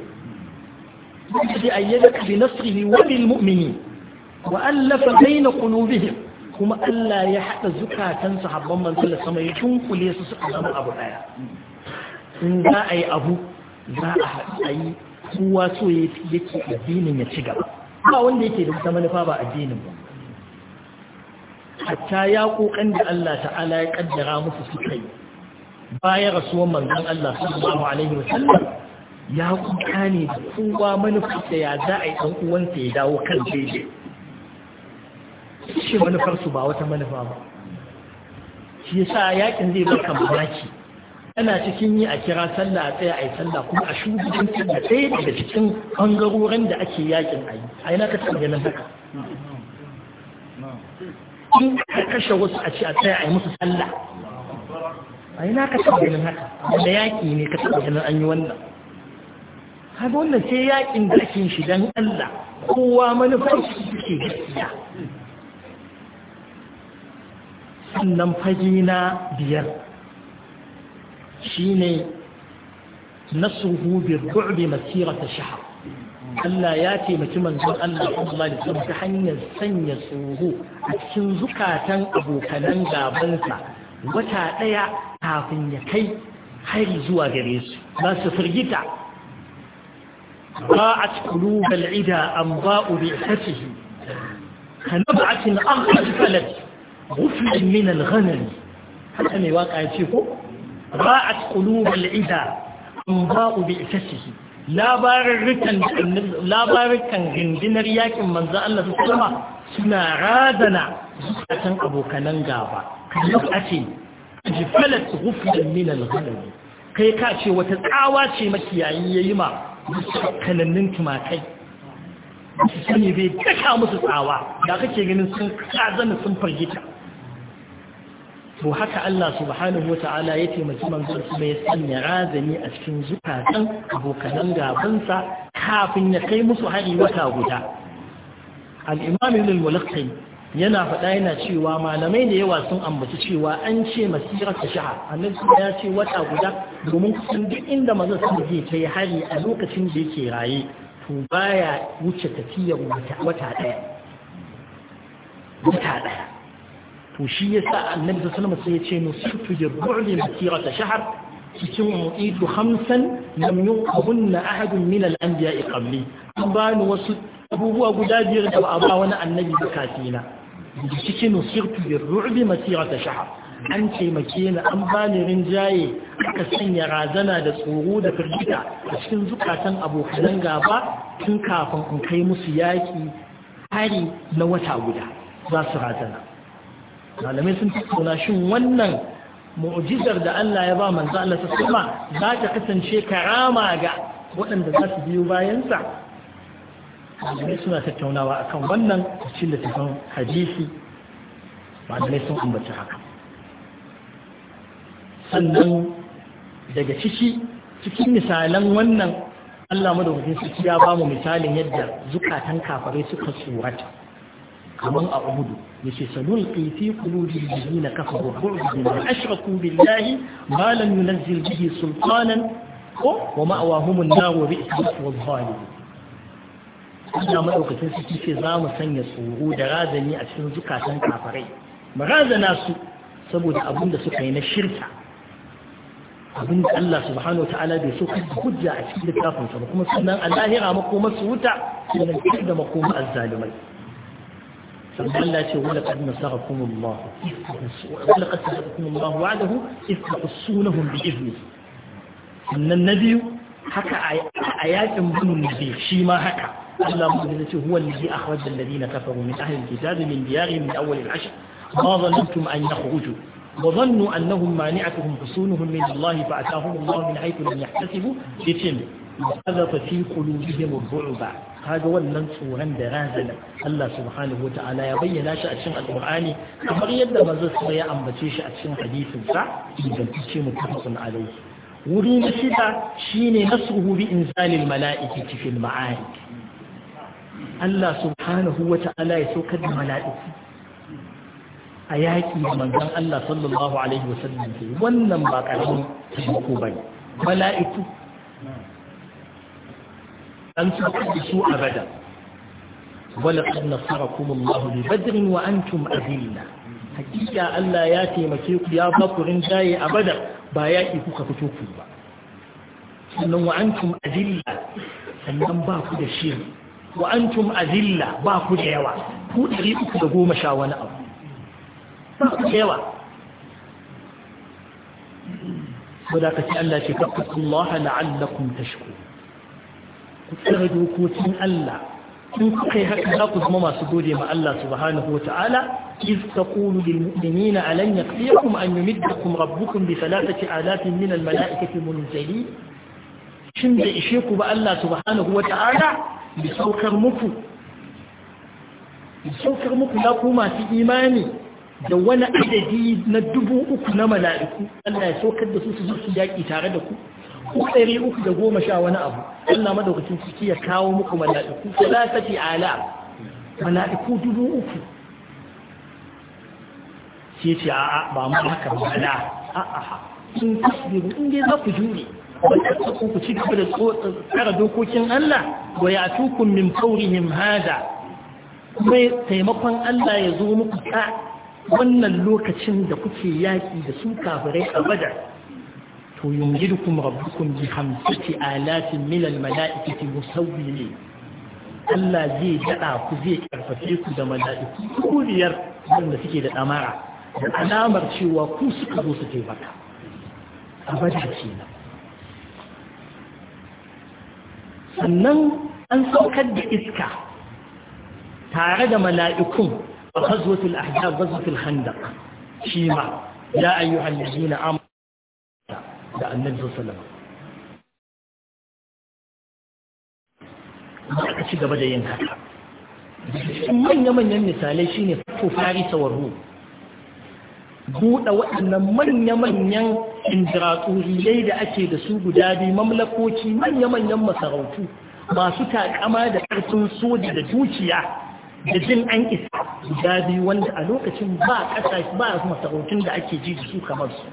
bi ayyadaka bi nasrihi wa lil mu'minin wa allafa baina qulubihim kuma Allah ya haɗa zukatan sahabban manzon sama ya tunkule su su zama abu ɗaya. in za a yi abu za a haɗu a yi ya ke addinin ya ci gaba ba wanda yake da wata manufa ba addinin ba hatta ya kokan da Allah ta'ala ya ƙaddara musu suka yi bayan rasuwan manzon Allah sallallahu alaihi wasallam ya kuka ne da kowa manufa da ya za a yi ɗan uwansa ya dawo kan daidai ce manufarsu ba wata manufa ba shi sa yakin zai baka mamaki ana cikin yi a kira sallah a tsaya a yi sallah kuma a shugaban sallah ɗaya daga cikin ɓangarorin da ake yakin a yi a yana ka taɓa ganin haka in ka kashe wasu a ce a tsaya a yi musu sallah a yana ka taɓa ganin haka wanda yaƙi ne ka taɓa ganin an yi wannan haka wannan sai yaƙin da ake shi don allah kowa manufar shi ke gaskiya sannan fage na biyar shine nasruhu bi ru'bi masirata shahr Allah ya taimaki manzon Allah sallallahu alaihi ta hanyar sanya tsoro a cikin zukatan abokanan gabansa wata daya kafin ya kai hari zuwa gare su ba su firgita ضاعت قلوب العدا أنباء بعثته كنبعة أغلى الفلد غفل من الغنم حتى ما يواقع يتيكو راعت قلوب العدا انضاء بإسسه لا باركن لا باركن غندنر ياكن منزا الله سلما سنا رادنا زكاتن أبو كنان غابا كنفأتي جفلت غفل من الغنم كي كاتي وتتعواتي مكيا يما كننن تماكي sani bai musu tsawa da kake ganin sun kazana sun fargita to haka Allah subhanahu wa ta'ala ya taimaki manzon su bai sanya razani a cikin zukatan abokanan gabansa kafin ya kai musu hari wata guda al-imam ibn yana faɗa yana cewa malamai da yawa sun ambaci cewa an ce masirar ta shaha annabi ya ce wata guda domin kusan duk inda mazan su ta yi hari a lokacin da yake raye to baya wuce tafiyar wata daya wata daya to shi yasa annabi sallallahu alaihi wasallam sai ya ce nusirtu da bu'li masira ta shahar cikin mu'idu khamsan lam yuqabunna ahad min al anbiya qabli an ba ni wasu abubuwa guda biyar da ba a ba wani annabi ba kafina cikin nusirtu da bu'li masira ta shahar an taimake ni an bani rinjaye aka sanya razana da tsoro da firgita a cikin zukatan abokan gaba tun kafin in kai musu yaki hari na wata guda za su razana malamai sun tattauna shin wannan mu'jizar da Allah ya ba manzo Allah ta sama za ta kasance karama ga waɗanda za su biyo bayansa malamai suna tattaunawa akan wannan cikin littafin hadisi malamai sun ambaci haka sannan daga ciki cikin misalan wannan Allah madawacin sarki ya ba mu misalin yadda zukatan kafarai suka surata. kaman a uhudu yace sanul qiti qulubi alladhina kafaru bu'd bima ashraku billahi ma lam yunzil bihi sultanan wa ma'awahum an-nar wa bi'sa wal-zalimin Allah madaukakin sarki ce za mu sanya tsoro da razani a cikin zukatan kafarai mu razana su saboda abinda da suka yi na shirka abin da Allah subhanahu wa ta'ala bai so kuma hujja a cikin littafin sa kuma sannan al'ahira makoma su wuta sannan kuma da makoma azzalimai sannan Allah ce wala qad nasarakum Allah wala qad nasarakum Allah wa'adahu if tahsunahum bi izni sannan nabiyu haka a yakin bunun nabi shi ma haka Allah mu da ce huwa alladhi akhraja alladhina kafaru min ahli alkitab min diyarihim min awwal al'ashr ma dhanantum an yakhruju وظنوا أنهم مانعتهم حصونهم من الله فأتاهم الله من حيث لم يحتسبوا يتم وقذف في قلوبهم الرعب هذا ولن صوران درازنا الله سبحانه وتعالى يبين شيء أتشن القرآن كما يبدأ ما زلت يا أم بتيش أتشن حديث الساعة إذا تشي متفق عليه وري مسيدا شيني نصره بإنزال الملائكة في المعارك الله سبحانه وتعالى يسوكد الملائكة a yaƙi da manzon Allah sallallahu alaihi wasallam ke wannan ba ƙarfin taimako ba ne mala'iku an saukar da su a bada ولقد نصركم الله ببدر وأنتم أذلة حقيقة الله ياتي مكيك a بطر ba yaƙi kuka fito ku ba. sannan wa'antum azilla sannan ba ku da shiri wa'antum azilla ba ku da yawa ku sha wani abu sun yawa wadda ka ce Allah ce faƙaƙun Allah la'allakun tashku ku tsira dokokin Allah in kuka yi haka za ku zama masu gode ma Allah subhanahu wa ta'ala iz taqulu lil mu'minina alan yakfiyakum an yumiddakum rabbukum bi thalathati alafin min al mala'ikati munzali shin da ishe ku ba Allah subhanahu wa ta'ala bi saukar muku bi saukar muku da ku masu imani da wani adadi na dubu uku na mala'iku Allah ya saukar da su su su yaƙi tare da ku ku ɗari uku da goma sha wani abu Allah madaukakin ciki ya kawo muku mala'iku salatati ala mala'iku dubu uku sai ce a'a ba mu haka ba A'a, a'a sun tasbiru in dai za ku jure ku ku ci gaba da tsara dokokin Allah wa tukun min fawrihim hada kuma taimakon Allah ya zo muku ta wannan lokacin da kuke yaƙi da su kafirai a bada, to yungidukum rabbukum bi hamsati alatin min al mala'ikati Allah zai daɗa ku zai karfafe ku da mala'iku kuriyar wanda suke da ɗamara da alamar cewa ku suka zo su taimaka a bada kenan sannan an saukar da iska tare da mala'ikun غزوة الأحزاب غزوة الخندق شيما يا أيها الذين آمنوا da annabi sallallahu alaihi wasallam ci gaba da yin haka manya-manyan misalai shine fito farisa wa ruhu buɗe waɗannan manya-manyan injiraturiyai da ake da su guda biyu mamlakoci manya-manyan masarautu masu taƙama da ƙarfin soja da dukiya da jin an isa guda biyu wanda a lokacin ba ƙasa ba masarautun da ake ji da su kamar su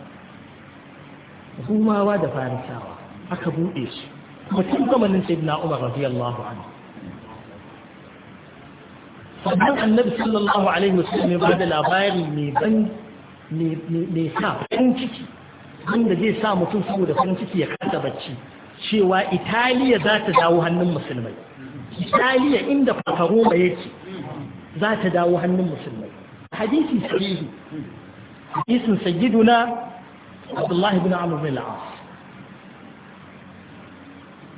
rumawa da farisawa aka buɗe su mutum zamanin sai na umar Allahu anhu sannan annabi sallallahu alaihi wasallam ba da labari mai ban mai sa farin ciki wanda zai sa mutum saboda farin ciki ya kasa bacci cewa italiya za ta dawo hannun musulmai italiya inda fafaroma yake za ta dawo hannun musulmai hadisi sahihi hadisin sayyiduna abdullahi ibn amr bin al-as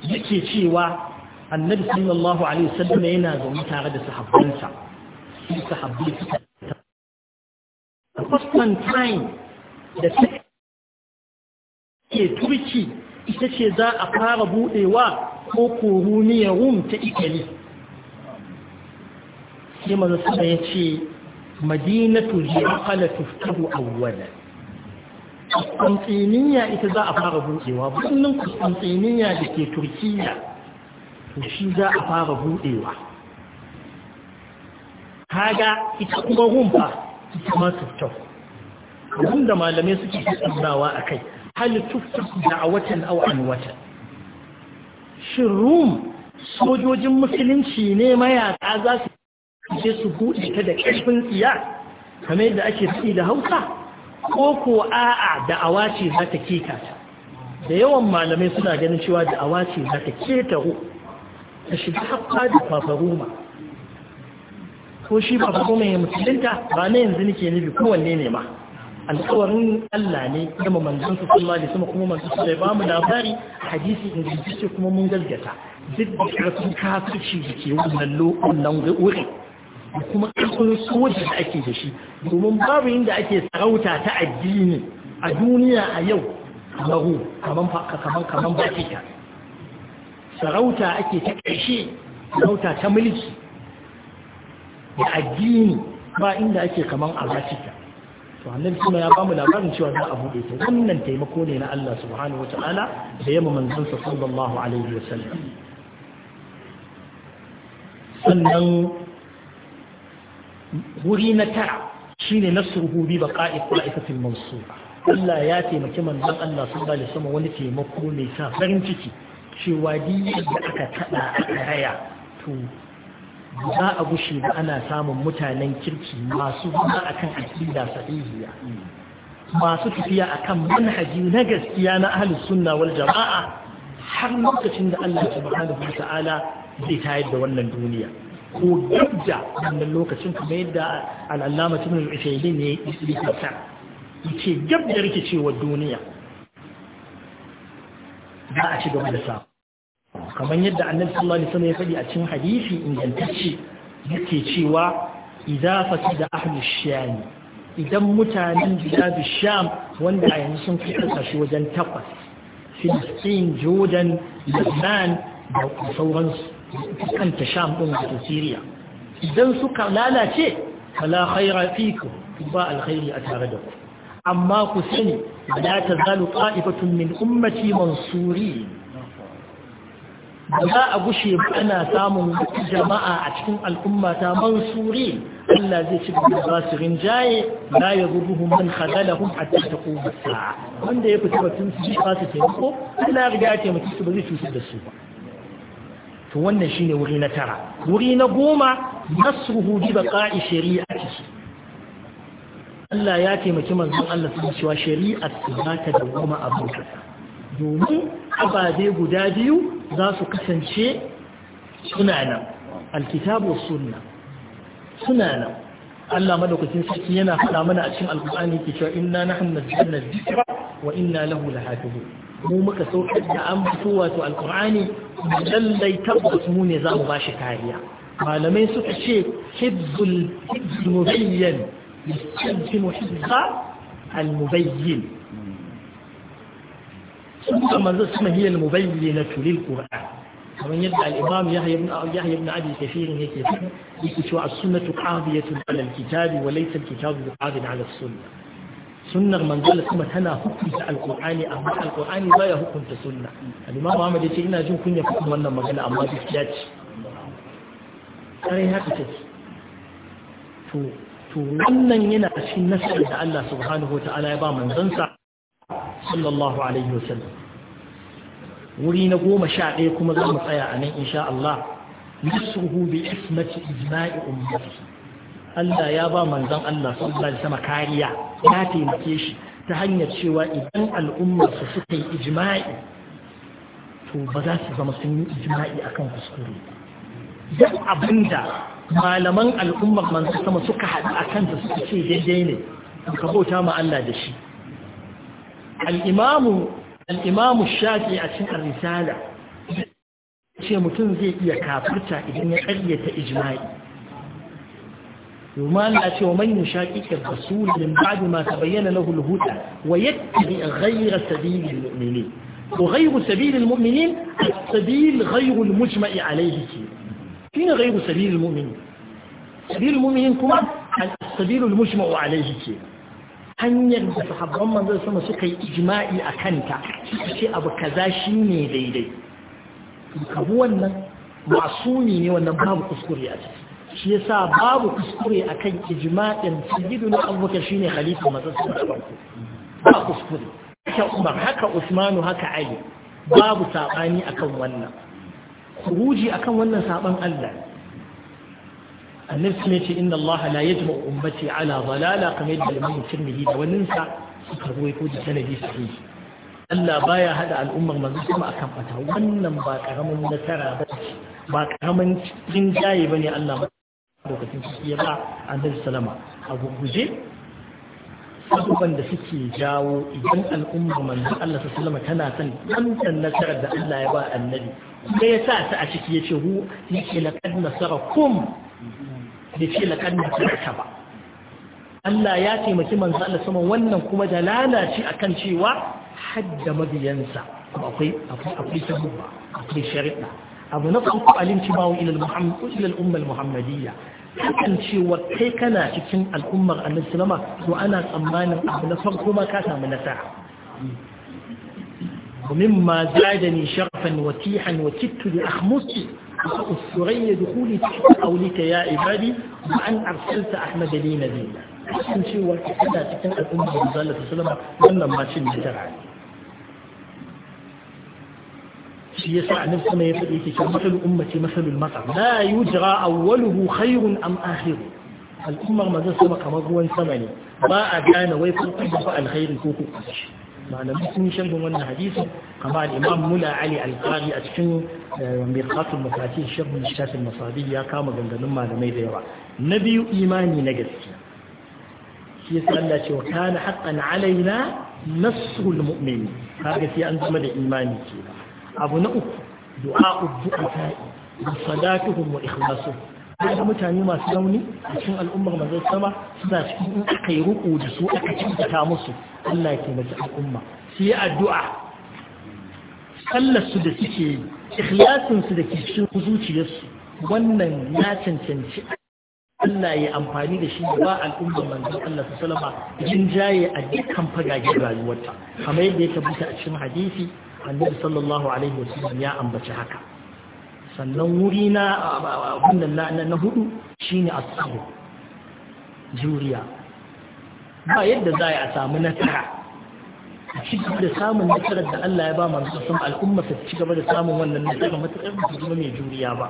yake cewa annabi sallallahu alaihi wasallam yana zaune tare da sahabbansa su sahabbi suka the first time da ke turki ita ce za a fara budewa ko koruniyar rum ta ikali sai manzo sama ya ce madinatu jiqala tuftahu awwalan Constantiniya ita za a fara buɗewa birnin Constantiniya da ke Turkiyya to shi za a fara buɗewa ga ita kuma rumfa ita ma tuftar abin da malamai suke tattaunawa a kai hali tuftahu da a watan au an watan shin rum sojojin musulunci ne mayaka za su sai su buɗe ta da ƙarfin tsiya kamar yadda ake tsi da hausa ko ko a'a da awace za ta keta da yawan malamai suna ganin cewa da awaci za ta keta hu ta shiga haɓɓa da fafaruma ko shi fafaruma ya musulunta ba na yanzu nake nufi kowanne ne ma alkawarin Allah ne kuma manzon su sallallahu alaihi wasallam kuma manzon sai ba mu labari hadisi in kuma mun gaskata duk da kafin kafirci da ke wannan lokacin nan wuri da kuma ƙarfin soja da ake da shi domin babu inda ake sarauta ta addini a duniya a yau kamar kamar kamar bakita sarauta ake ta ƙarshe sarauta ta mulki da addini ba inda ake kaman a bakita to annabi kuma ya bamu labarin cewa za a buɗe ta wannan taimako ne na Allah subhanahu wataala da yamma manzansa sallallahu alaihi wasallam sannan wuri na tara shine nasruhu bi baqa'i qa'ifatil mansura Allah ya taimaki manzon Allah sun bada sama wani taimako mai sa farin ciki cewa diyar da aka taɗa aka raya to za a gushe ba ana samun mutanen kirki masu a akan aƙida sahihiya masu tafiya akan manhaji na gaskiya na ahlus sunna wal jama'a har lokacin da Allah subhanahu wa ta'ala zai tayar da wannan duniya ko gabda wannan lokacin kuma yadda al'allama tun al'ushaidi ne ya fata ce gabda rikicewar duniya za a ci gaba da samu. kamar yadda annabi sallallahu alaihi wasallam ya faɗi a cikin hadisi ingantacce yake cewa idza fasida ahli sham idan mutanen bilad sham wanda a yanzu sun kai kasashe wajen takwas filistin jordan lebanon da sauransu kanta sham ɗin wato siriya idan suka lalace fala khaira fiku ba alkhairi a tare da ku amma ku sani la tazalu qa'ibatun min ummati mansuri za a gushe ba ana samun jama'a a cikin al'ummata mansuri Allah zai ci gaba da su rinjaye la yaghduhum man khadalahum hatta taqum as-sa'a wanda ya fita batun su ba su taimako Allah ya riga ya taimaki su ba zai cutar da su ba to wannan shine wuri na tara wuri na goma nasruhu bi baqa'i shari'ati Allah ya taimaki manzon Allah su cewa shari'a za ta goma a bauta domin ababe guda biyu za su kasance suna nan alkitabu sunna suna nan Allah madaukakin sarki yana faɗa mana a cikin alkurani ke cewa inna nahnu nazzalna dhikra wa inna lahu lahafizun mu muka saukar da an fito wato alkur'ani lallai tabbas mu ne za mu ba shi kariya malamai suka ce hibzul mubayyan yastabdimu hibza almubayyin sun suka manzo suna hiya almubayyin mubayyinatu lil qur'an kamar yadda al-imam yahya ibn yahya ibn abi kafir yake yake cewa as sunnah qadiyatun ala al-kitabi wa laysa al-kitabu qadiyan ala as-sunnah sunnar manzala kuma tana hukunta alkur'ani amma alkur'ani ba ya hukunta sunna al'imam ahmad ya ce ina jin kunya kuma wannan magana amma gaskiya ce tsarin haka ce to wannan yana cikin nasar da Allah subhanahu wata'ala ya ba manzansa sallallahu alaihi wasallam wuri na goma sha ɗaya kuma za mu tsaya a nan insha Allah yusruhu bi ismati ijma'i ummati Allah ya ba manzan Allah sallallahu alaihi sama kariya ya taimake shi ta hanyar cewa idan al'ummar su suka yi ijma'i to ba za su zama sun yi ijma'i akan kuskure duk abinda malaman al'ummar manzon sama suka haɗu a kansa suka ce daidai ne ka bauta ma Allah da shi Al'imamu imamu shafi a cikin risala ce mutum zai iya kafirta idan ya ƙaryata ijima'i. domin na ce wa man yushaqiqir rasul min ba'd ma ka lahu al-huda wa yattabi ghayra sabili al-mu'minin wa ghayru sabili al-mu'minin as-sabil ghayru al-mujma'i alayhi shine ghayru sabili al-mu'minin sabili al-mu'minin kuma as-sabil al-mujma'u alayhi ke hanyar da sahabban manzon sama suka yi ijma'i akan ta ce abu kaza shine daidai kabu wannan ne wannan babu kuskure a ciki shi yasa babu kuskure akan ijma'in sayyiduna abubakar shine khalifa mazhabin farko ba kuskure haka umar haka usmanu haka ali babu sabani akan wannan khuruji akan wannan saban Allah annabi ne ce inna Allah la yajma'u ummati ala dalala kamar yadda limamin tirmidhi da wannan sa suka ruwaito da sanadi sahihi Allah baya hada al'ummar manzo kuma akan fata wannan ba karamin nasara ba ba karamin jinjaye bane Allah lokacin ciki ya ba annabi salama a gurguje abubuwan da suke jawo idan al'umma manzo Allah ta sallama tana son ɗanɗan nasarar da Allah ya ba annabi sai ya sa ta a ciki ya ce hu ya ce laƙad nasara kum da ce laƙad nasara ba Allah ya taimaki manzo Allah sama wannan kuma da lalace akan cewa hadda mabiyansa akwai akwai sabubba akwai shari'a abu na farko alimci bawo ilal umma al-muhammadiyya kasancewar kai kana cikin al'ummar annabi sallama to ana tsammanin abu na farko ma ka samu nasara ومما زادني شرفا وتيحا وكدت لأخمص السري دخولي تحت قولك يا عبادي وأن أرسلت أحمد لي نبيلا أحسن شيء وكذا تكن الأمة بزالة السلامة وأن ما شل نترعي shi yasa annabi sama ya faɗi yake cewa masalul ummati masalul matar la yujra awwaluhu khairun am akhiru al'ummar manzon sama kamar ruwan sama ne ba a gane wai farkon da alkhairi ko ko malamai sun shagun wannan hadisi kama imam mula ali alƙari a cikin eh, mirkatun mafati shagun shafin masabi ya kama ganganun malamai da yawa na biyu imani na gaske shi yasa Allah cewa kana haqqan alaina nasrul mu'mini kaga sai an zama da imani kenan abu na uku du'a'u du'a'i salatuhum wa ikhlasuhum da mutane masu rauni a cikin al'ummar manzon sama suna cikin in aka yi ruku da su aka cikata musu Allah ya taimaki al'umma su yi addu'a sallar su da suke yi ikhlasin su da ke cikin zuciyarsu wannan ya cancanci Allah ya amfani da shi ba al'ummar manzon Allah sallama jinjaye a dukkan fagagen rayuwarta kamar yadda ya tabbata a cikin hadisi annabi sallallahu alaihi wasallam ya ambaci haka sannan wuri na wannan na hudu shine as-sabr juriya ba yadda za a samu nasara a ci gaba da samun nasarar da Allah ya ba manzo sun al'umma su ci gaba da samun wannan nasarar matakar ba su zama mai juriya ba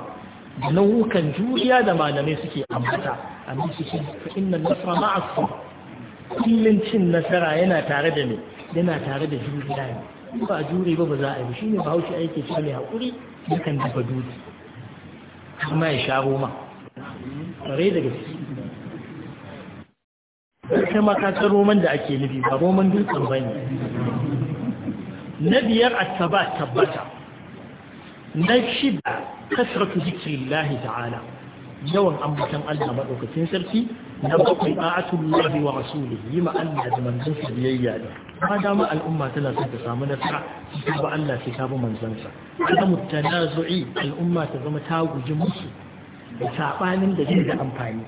da nau'ukan juriya da malamai suke ambata amma su ce fa inna nasra ma'a sabr kullun cin nasara yana tare da ne yana tare da juriya ne ba a jure ba ba za a yi shi ne bahaushe aiki ce mai haƙuri yakan dafa dutse. amma ya sha roma tare daga ciki Ta ma roman da ake nufi ba roman dutsen ba ne na biyar a taba tabbata na shida kasratu zikirillahi ta'ala yawan ambatan Allah maɗaukacin sarki na bakwai ma'atun lafi wa rasuli yi ma'alla da su biyayya da ba dama al'umma tana son ta samu nasara su ta ba Allah sai ta bi manzansa ta na zu'i al'umma ta zama ta guji musu da saɓanin da jin da amfani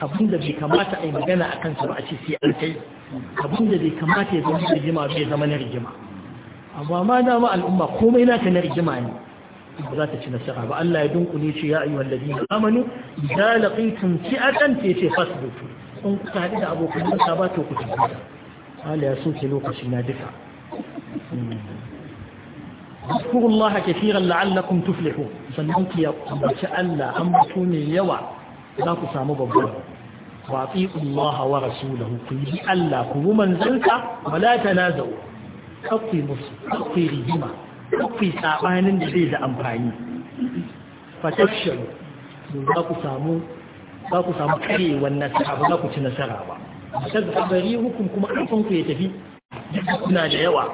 abin da bai kamata a yi magana a kansa ba a ce sai an kai abin da bai kamata ya zama rigima bai zama na rigima amma ma dama al'umma komai na ta na rigima ne za ta ci nasara ba Allah ya dunkule ce ya ayyuhal ladina amanu idza laqitum fi'atan fa ce fasbutu in da abokan ka ba to ku tabbata Allah ya soke lokaci na duka اذكروا الله كثيرا لعلكم تفلحون فنانك يا أمبت ألا أمبتوني يوى لا تسامو ببنا وأطيعوا الله ورسوله قيل ألا كو من زلك ولا تنازعوا أطي مصر kafi saɓanin da zai da amfani protection za ku samu za ku samu karewar nasara ba za ku ci nasara ba da gabari hukum kuma ƙarfinku ya tafi kuna da yawa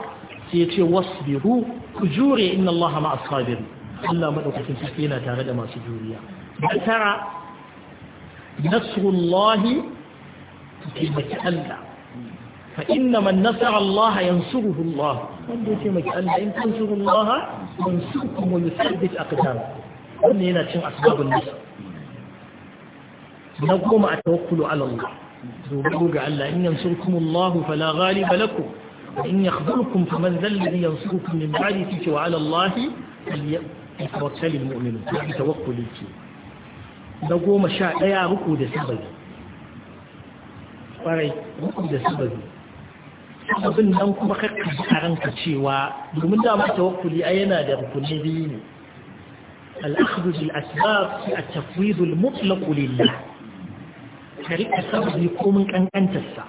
sai ce wasbiru ku jure inna Allah ma asabiri Allah madaukakin sarki yana tare da masu juriya nasara nasrullahi taimaki Allah فإن من نصر الله ينصره الله إن تنصر الله ينصركم ويثبت أقدام أنه هنا تشم أسباب النصر نقوم أتوكل على الله ذوبوك على إن ينصركم الله فلا غالب لكم وإن يخبركم فمن ذا الذي ينصركم من بعد تيش وعلى الله فليتوكل المؤمنون فلا يتوكل لك نقوم شاء لا يعرفوا ذا سبب فلا سبب abin nan kuma kakka a ranka cewa domin dama tawakkuli yana da rukunai biyu ne al'akhdhu bil asbab fi at-tafwid al lillah kari ka sabbi komin kankantar sa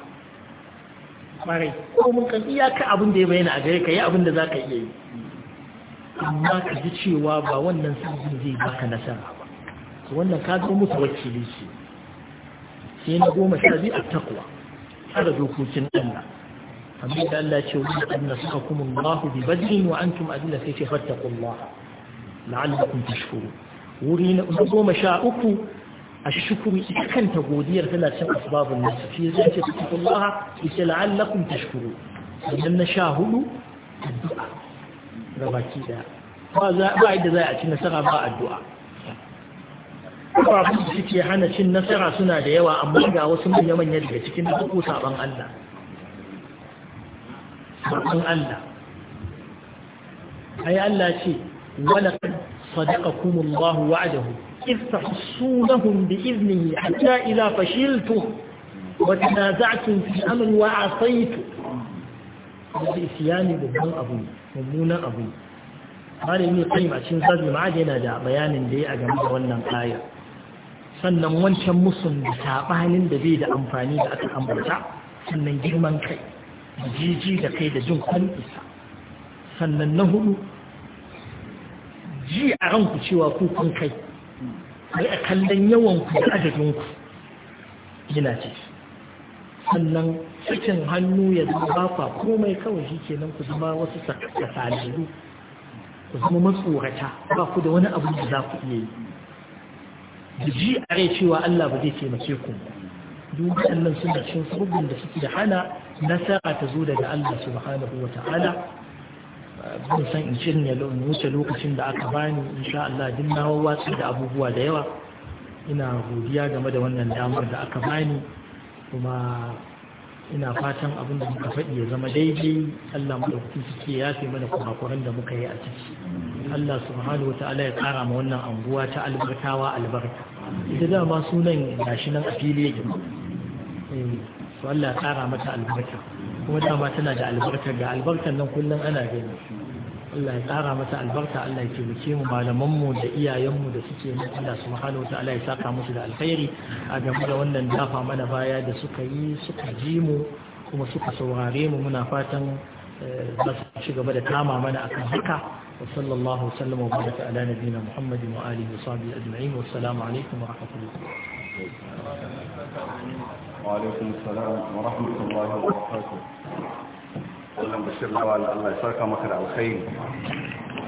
kwarai komin kan iyaka abin da ya bayyana a gare ka yi abin da ka iya yi amma ka ji cewa ba wannan sabbin zai baka nasara ba wannan ka zo musu wakili ce sai na goma sha biyu a takwa tsara dokokin Allah حبيث ألا تشعرون أن نسخكم الله ببدر وأنتم أدلة فاتقوا الله لعلكم تشكرون ورين أنظروا مشاعك الشكر إذن تقودير ثلاثة أسباب الناس في ذلك الله لعلكم تشكرون لأن نشاهد الدعاء رباكي ذا بعد ذلك نسغى باء الدعاء ba su suke hana cin nasara suna da yawa amma ga wasu manyan yadda roƙon Allah ai Allah ce sadaka walaqad sadaqakum Allah wa'adahu istahsunahum bi'iznihi hatta idza fashiltum wa tanaza'tum fi amri wa 'asaytum da isyani babban abu mummunan abu malami kai a cikin zabi ma yana da bayanin da ya a game da wannan aya sannan wancan musun da sabanin da bai da amfani da aka ambata sannan girman kai jiji da kai da jin kwanisa sannan na hudu ji a ranku cewa ku kun kai kai a kallon yawanku da adadinku yana ce sannan cikin hannu ya zama ba kwa komai kawai shi nan ku zama wasu sakasalilu ku zama matsorata ba ku da wani abu da za ku iya yi da ji a rai cewa Allah ba zai taimake ku duk waɗannan suna cin sabbin da suke da hana nasara ta zo daga Allah subhanahu wa ta'ala ban san in shirya wuce lokacin da aka bani insha Allah din na da abubuwa da yawa ina godiya game da wannan damar da aka bani kuma ina fatan abin da muka faɗi ya zama daidai Allah madaukakin suke ya fi mana kurakuran da muka yi a ciki Allah subhanahu wata'ala ya kara ma wannan anguwa ta albarkawa albarka ita dama sunan gashi nan a fili yake eh. to Allah ƙara mata albarka kuma dama tana da albarka ga albarkan nan kullum ana gani Allah ya ƙara mata albarka Allah ya taimake mu malaman mu da iyayenmu da suke mu Allah subhanahu wa ta'ala ya saka musu da alkhairi a game da wannan dafa mana baya da suka yi suka ji mu kuma suka saurare mu muna fatan eh, za su ci gaba da kama mana akan haka وصلى ala وسلم وبارك على نبينا محمد وآله وصحبه أجمعين والسلام عليكم wa الله وعليكم السلام ورحمة الله وبركاته wannan bashir lawal Allah ya saka maka da alkhairi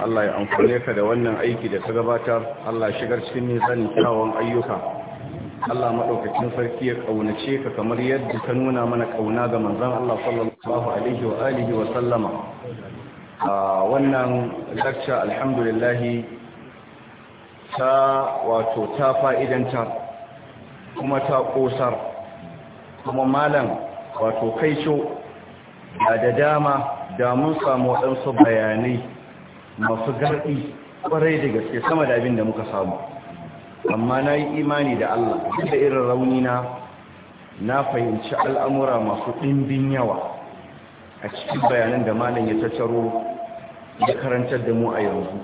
Allah ya amfane ka da wannan aiki da ka gabata. Allah shigar cikin nisan kyawun ayyuka Allah madaukakin sarki ya kaunace ka kamar yadda ka nuna mana ƙauna ga manzon Allah sallallahu alaihi wa alihi wa sallama wannan lakca alhamdulillah ta wato ta fa'idanta kuma ta ƙosar kuma malam wato kai co da da dama da mun samu waɗansu bayanai masu garɗi ƙwarai da gaske sama da abin da muka samu amma na yi imani da Allah da irin rauni na fahimci al'amura masu ɗimbin yawa a cikin bayanan da malam ya tattaro ya karantar da mu a yanzu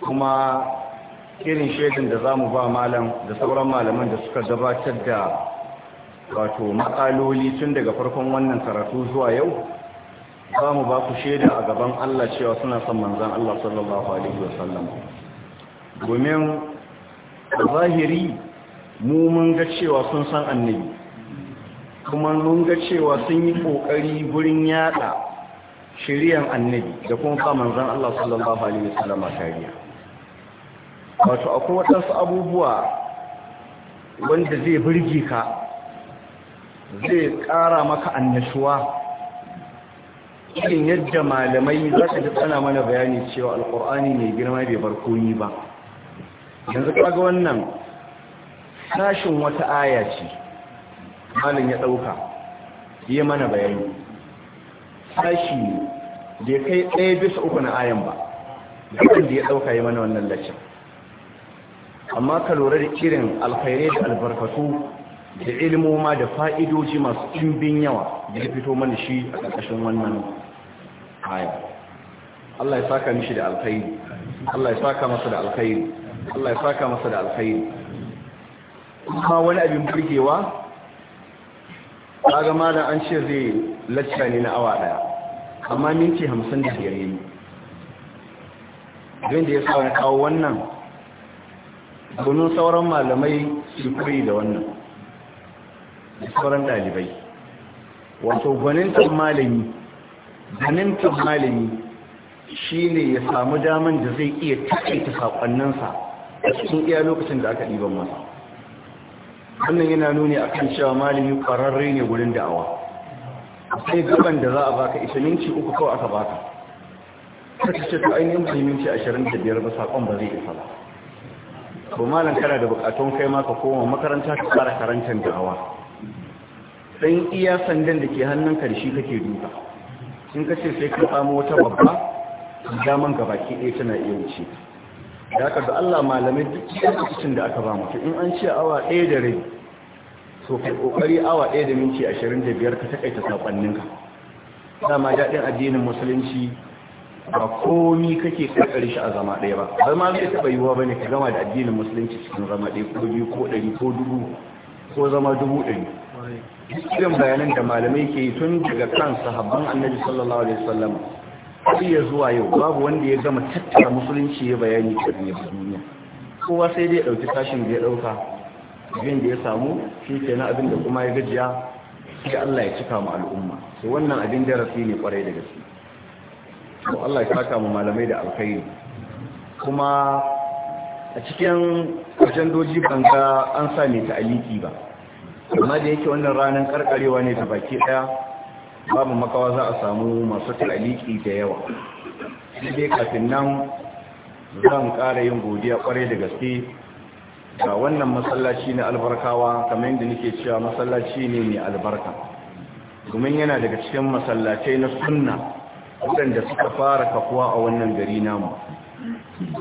kuma irin shaidin da za mu ba malam da sauran malaman da suka gabatar da wato matsaloli tun daga farkon wannan karatu zuwa yau za mu ba ku shaida a gaban Allah cewa suna son manzan Allah sallallahu Alaihi wasallam domin zahiri mu mun ga cewa sun san annabi kuma mun ga cewa sun yi ƙoƙari gurin yada shiriyan annabi da kuma ba manzan Allah sallallahu Alaihi wasallama shari'a wato akwai waɗansu abubuwa wanda zai burge ka zai ƙara maka annashuwa irin yadda malamai za ka ji tsana mana bayani cewa alƙur'ani mai girma bai bar koyi ba yanzu kaga wannan sashin wata aya ce malin ya ɗauka yi mana bayani sashi ne bai kai ɗaya bisa uku na ayan ba da ya ɗauka yi mana wannan lacin amma ka lura da kiran alkhairai da albarkatu da ilmoma da fa'idoji masu ɗimbin yawa da ya fito mana shi a ƙarƙashin wannan haya Allah ya saka mishi da alkhairi Allah ya saka masa da alkhairi Allah ya saka masa da alkhairi kuma wani abin burgewa kaga malam an ce zai lacca ne na awa daya amma minti hamsin da biyar yi don da ya sa wani kawo wannan domin sauran malamai su kuri da wannan da sauran dalibai wato gwanintan malami gwanintan malami shi ne ya samu daman da zai iya taƙaita saƙonninsa a cikin iya lokacin da aka ɗiban masa wannan yana nuni a kan cewa malami ƙwararre ne wurin da'awa Sai gaban da za a baka isa minci uku kawai aka baka ta ce ta ainihin minci ashirin da biyar ba saƙon ba zai isa ba to malam kana da bukatun kai ma ka koma makaranta ka fara karantar da'awa dan iya sandan da ke hannun shi kake duka Kin ka ce sai ka samu wata babba daman gaba baki ɗaya tana iya wuce da aka da Allah malamai duk lokacin da aka ba mu in an ce awa ɗaya da rai so kai kokari awa ɗaya da minti ashirin da biyar ka taƙaita saƙonninka dama daɗin addinin musulunci ba komi kake kakari shi a zama ɗaya ba har ma zai taɓa yiwuwa ba ne ka gama da addinin musulunci cikin zama ɗaya ko biyu ko ɗari ko dubu ko zama dubu ɗari irin bayanan da malamai ke yi tun daga kan sahabban annabi sallallahu alaihi wasallam har ya zuwa yau babu wanda ya gama tattara musulunci ya bayani ne ba duniya kowa sai dai ɗauki tashin da ya ɗauka abin da ya samu shi ke na abin da kuma ya gajiya sai Allah ya cika mu al'umma sai wannan abin darasi ne kwarai da gaske to Allah ya saka mu malamai da alkhairi kuma a cikin doji banka an same ta aliki ba amma da yake wannan ranar karkarewa ne ta baki daya babu makawa za a samu masu aliki da yawa dai kafin nan zan ƙara yin godiya kwarai da gaske ga wannan masallaci na albarkawa kamar yadda nake cewa masallaci ne mai albarka domin yana daga cikin masallacai na sunna waɗanda suka fara kafuwa a wannan gari namu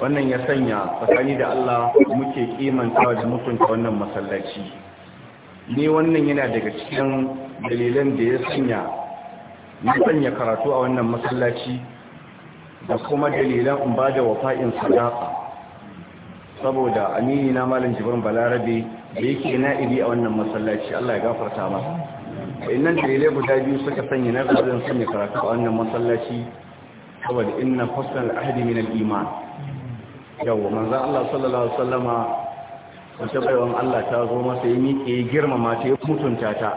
wannan ya sanya tsakani da Allah muke kimantawa da mutunta wannan masallaci Ni wannan yana daga cikin dalilan da ya sanya na sanya karatu a wannan masallaci da kuma dalilan in ba da wafa'in sadaka saboda amini na malam jibrin balarabe da yake na'ibi a wannan masallaci Allah ya gafarta masa innan dalilai guda biyu suka sanya na sun sanya karatu a wannan masallaci saboda inna fasal ahdi min al-iman yawa manzo Allah sallallahu alaihi wasallama wata baiwan Allah ta zo masa ya miƙe ya girmama ta ya mutunta ta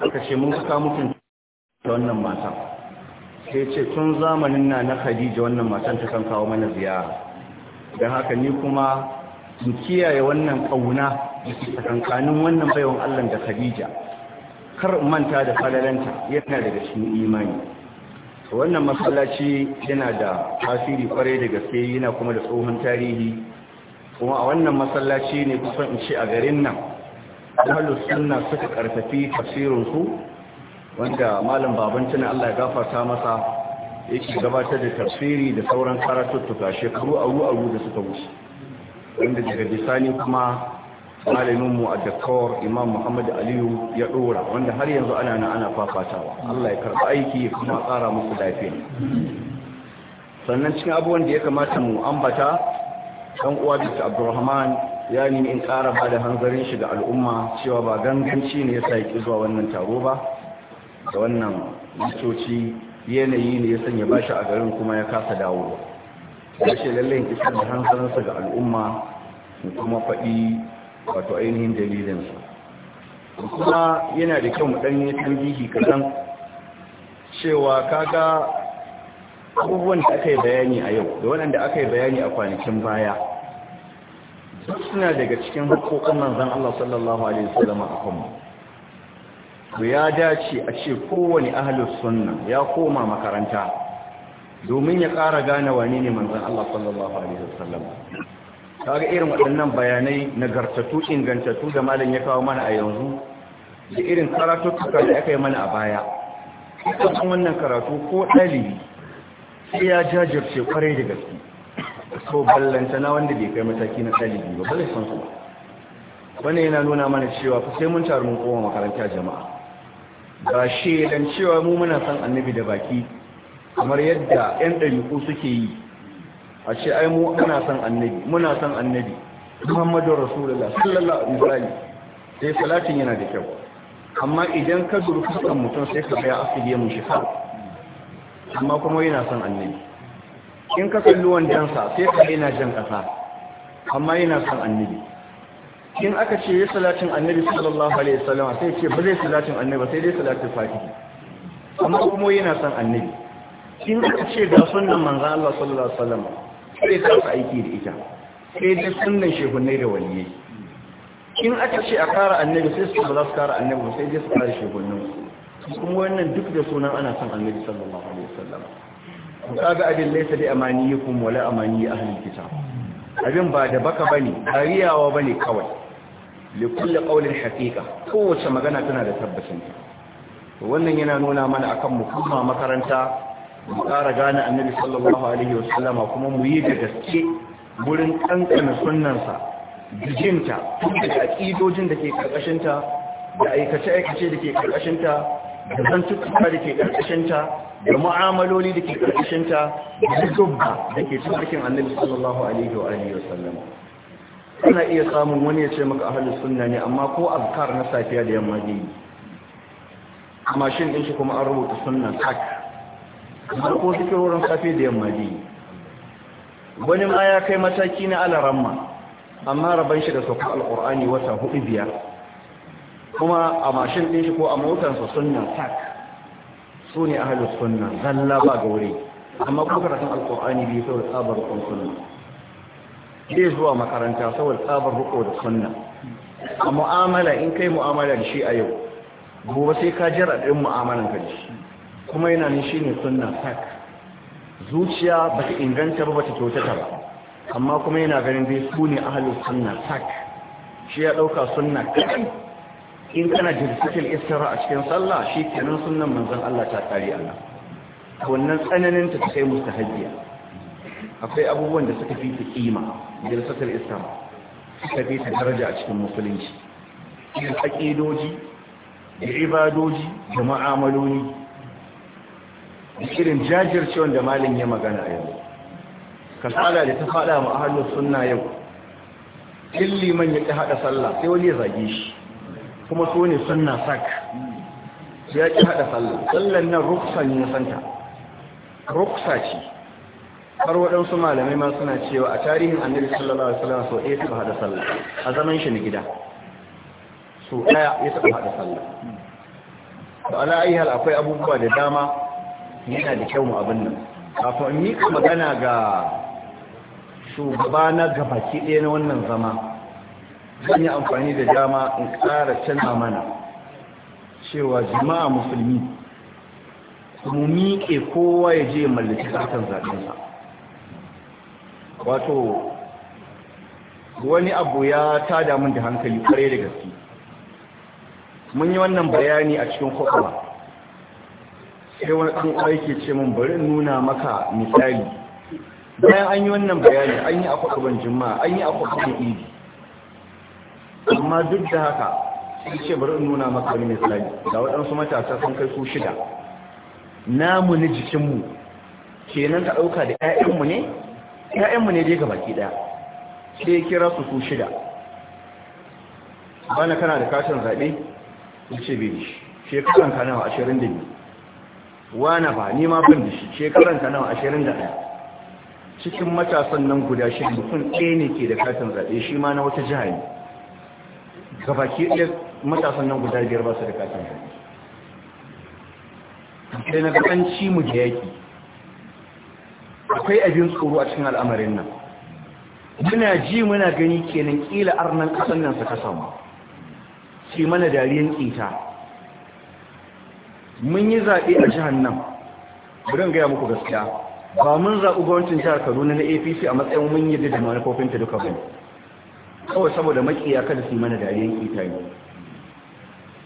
aka ce mun ka mutunta wannan matan sai ce tun zamanin na na Khadija wannan matan ta kan kawo mana ziyara don haka ni kuma in kiyaye wannan kauna da tsakanin wannan baiwan Allah da Khadija kar in manta da falalanta yana daga cikin imani wannan masallaci yana da tasiri kwarai da gaske yana kuma da tsohon tarihi kuma a wannan masallaci ne kusan in ce a garin nan ahlus sunna suka karfafi tafsirin su wanda malam baban tana Allah ya gafarta masa yake gabatar da tafsiri da sauran karatuttuka shekaru aru aru da suka wuce wanda daga bisani kuma malaminmu a dakawar imam muhammadu aliyu ya dora wanda har yanzu ana na ana fafatawa allah ya karba aiki ya kuma tsara musu lafiya sannan cikin abubuwan da ya kamata mu ambata ɗan uwa bisa abdurrahman ya nemi in ƙara ba da hanzarin shi ga al'umma cewa ba ganganci ne ya sa yake zuwa wannan taro ba da wannan mutoci yanayi ne ya sanya bashi a garin kuma ya kasa dawo ya ce lallai isar da hanzarinsa ga al'umma kuma faɗi wato ainihin dalilinsu kuma yana da kyau mutan yi tambihi kaɗan cewa kaga abubuwan da aka yi bayani a yau da waɗanda aka yi bayani a kwanakin baya suna daga cikin hukukan manzan Allah sallallahu Alaihi wasallam a kanmu to ya dace a ce kowane ahalus sunna ya koma makaranta domin ya ƙara gane wani ne manzon Allah sallallahu alaihi wasallam kaga irin waɗannan bayanai nagartattu ingantattu da malam ya kawo mana a yanzu da irin karatuttuka da aka yi mana a baya kuma wannan karatu ko ɗalibi sai ya jajirce kwarai da gaske so ballanta na wanda bai kai mataki na ɗalibi ba balle san su wannan yana nuna mana cewa fa sai mun taru mun koma makaranta jama'a ba dan cewa mu muna san annabi da baki kamar yadda 'yan ɗabi'u suke yi A ce, ai mu ana son annabi muna son annabi Muhammadu Rasulullah sallallahu alaihi sai salatin yana da kyau amma idan ka zuru fuskan mutum sai ka ya asibi mu shi fa amma kuma yana son annabi in ka kalli wandansa sai ka yana jan kasa amma yana son annabi in aka ce ya salatin annabi sallallahu alaihi wasallam sai ce ba zai salatin annabi sai dai salatin fatihi amma kuma yana son annabi in aka ce ga sunnan manzo Allah sallallahu alaihi wasallam sai ta su aiki da ita sai dai sunan shekunai da waliyai in aka ce a kara annabi sai su ba za su kara annabi sai dai su kara shekunan su kuma wannan duk da sunan ana son annabi sallallahu alaihi wasallam ku kaga abin laysa bi amaniyikum wala amaniyi ahlul kitab abin ba da baka bane kariyawa bane kawai li kulli qawlin haqiqa kowace magana tana da tabbacin ta wannan yana nuna mana akan mu kuma makaranta mu ƙara gane annabi sallallahu alaihi wasallama kuma mu yi da gaske gurin ƙanƙana sunnansa jijinta tun da aƙidojin da ke ƙarƙashinta da aikace-aikace da ke ƙarƙashinta da zantukka da ke ƙarƙashinta da mu'amaloli da ke ƙarƙashinta da zubba da ke cikin annabi sallallahu alaihi wa alihi wasallama iya samun wani ya ce maka ahlus sunna ne amma ko azkar na safiya da yamma ne amma shin din shi kuma an rubuta sunna tak amma ko wurin safe da yamma ne wani ma ya kai mataki na alaramma amma rabar shi da sauka alkur'ani wata hudu biyar kuma a mashin ɗin shi ko a motarsa sunna tak su ne ahalus sunna zalla ba ga wuri amma kuma karatun alkur'ani biyu saboda tsabar rukun sunna zai zuwa makaranta saboda tsabar ruko da sunna a mu'amala in kai mu'amala da shi a yau gobe sai ka jira ɗin mu'amalan ka da shi kuma yana ne shine sunna tak zuciya bata inganta ba bata kyautata ba amma kuma yana ganin dai su ne ahlus sunna tak shi ya ɗauka sunna kai in kana jirsikin istira a cikin sallah shi kenan sunnan manzan Allah ta kare Allah wannan tsananin ta kai hajjiya. akwai abubuwan da suka fi kima jirsikin istira suka fi ta daraja a cikin musulunci irin aqidoji da ibadoji da ma'amaloni. irin jajircewan da malin ya magana yau kasala da ta fada mu hannun sunna yau illi liman ya haɗa sallah sai wani ya zage shi kuma so ne sunna sak ya ki haɗa sallah sallan nan ruksa ne santa ruksa ce har waɗansu malamai ma suna cewa a tarihin annabi sallallahu alaihi wasallam so ɗaya suka haɗa sallah a zaman shi na gida so ɗaya ya taɓa haɗa sallah da ala'ayyar akwai abubuwa da dama yana da kyau mu abin nan kafin ni ka magana ga shugaba na gabaki ɗaya na wannan zama zan yi amfani da dama in ƙara canza mana cewa jama'a musulmi mu miƙe kowa ya je mallaki ƙasar zaɓensa wato wani abu ya tada min da hankali kare da gaske mun yi wannan bayani a cikin kwakwalwa sai wani ɗan uwa ke ce min bari nuna maka misali bayan an yi wannan bayani an yi akwai ban jima'a an yi akwai ban idi amma duk da haka sai ce bari nuna maka wani misali ga waɗansu matasa sun kai su shida namu na jikinmu kenan ka ɗauka da 'ya'yanmu ne 'ya'yanmu ne dai ga baki ɗaya sai kira su su shida bana kana da katin zaɓe ya ce bai shi shekaran wa ashirin da biyu wane ba ni ma ban da shi shekaran ka nawa 21 cikin matasan nan guda shi mutum ɗaya ne ke da katin zaɓe shi ma na wata jihar ne gabaki ɗaya matasan nan guda biyar ba su da katin zaɓe sai na gaban ci mu da yaƙi. akwai abin tsoro a cikin al'amarin nan muna ji muna gani kenan kila arnan kasan nan suka samu Shi mana dariyan kita mun yi zaɓe a jihar nan burin gaya muku gaskiya ba mun zaɓi gwamnatin jihar kaduna na apc a matsayin mun yi da ta duka bane kawai saboda makiya kada su yi mana dariyan itali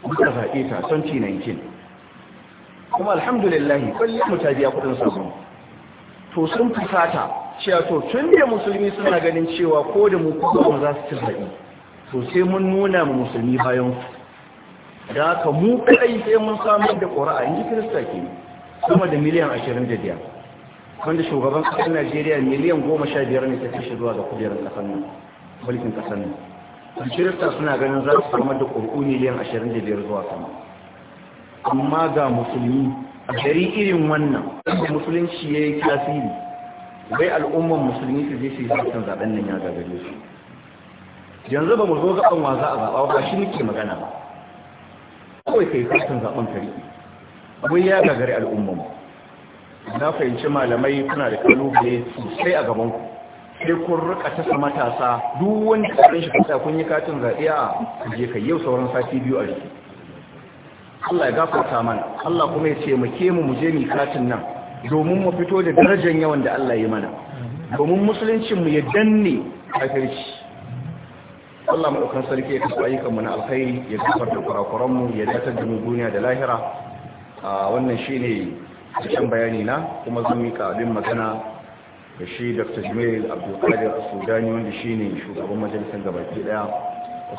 muka zaɓe ta son 2019 kuma alhamdulillahi kwallon mu ta biya kuɗin sabon to sun fusata cewa to tun da musulmi suna ganin cewa ko da mu kuma za su ci zaɓe to sai mun nuna ma musulmi bayan su da aka mu kai sai mun samar da ƙura'a in ji kirista ke sama da miliyan ashirin da biyar wanda shugaban ƙasar najeriya miliyan goma sha biyar ne ta shi zuwa da kujerar ƙasar nan mulkin ƙasar nan kirista suna ganin za su samar da ƙuri'u miliyan ashirin da biyar zuwa sama amma ga musulmi a gari irin wannan musulunci ya yi tasiri bai al'umman musulmi su je su yi zaɓen zaɓen nan ya gagare su yanzu ba mu zo gaban wa za a zaɓa ba shi muke magana ba kawai kai katin zaben kare abin ya gagari al'umma mu na fahimci malamai kuna da kalubale sosai a gaban ku sai kun rika tasa matasa duk wanda karin shi kusa kun yi katin zaɓe a je kai yau sauran sati biyu a jiki Allah ya gafarta mana Allah kuma ya ce mu ke mu mu je mu katin nan domin mu fito da darajar yawan da Allah ya mana domin musuluncinmu mu ya danne kafirci Allah maɗaukan sarki ya kasu ayyukanmu na alkhairi ya kafar da kurakuranmu ya datar da duniya da lahira a wannan shi ne cikin bayani na kuma zan mika abin magana da shi dr jimail abdulkadir sudani wanda shi ne shugaban majalisar gabaki daya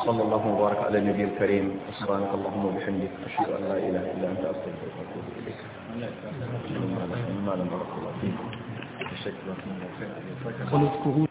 wa sallallahu wa baraka ala nabiyil karim subhanaka allahumma bihamdika ashhadu an la ilaha illa anta astaghfiruka wa atubu ilayk Allah ya tsare ku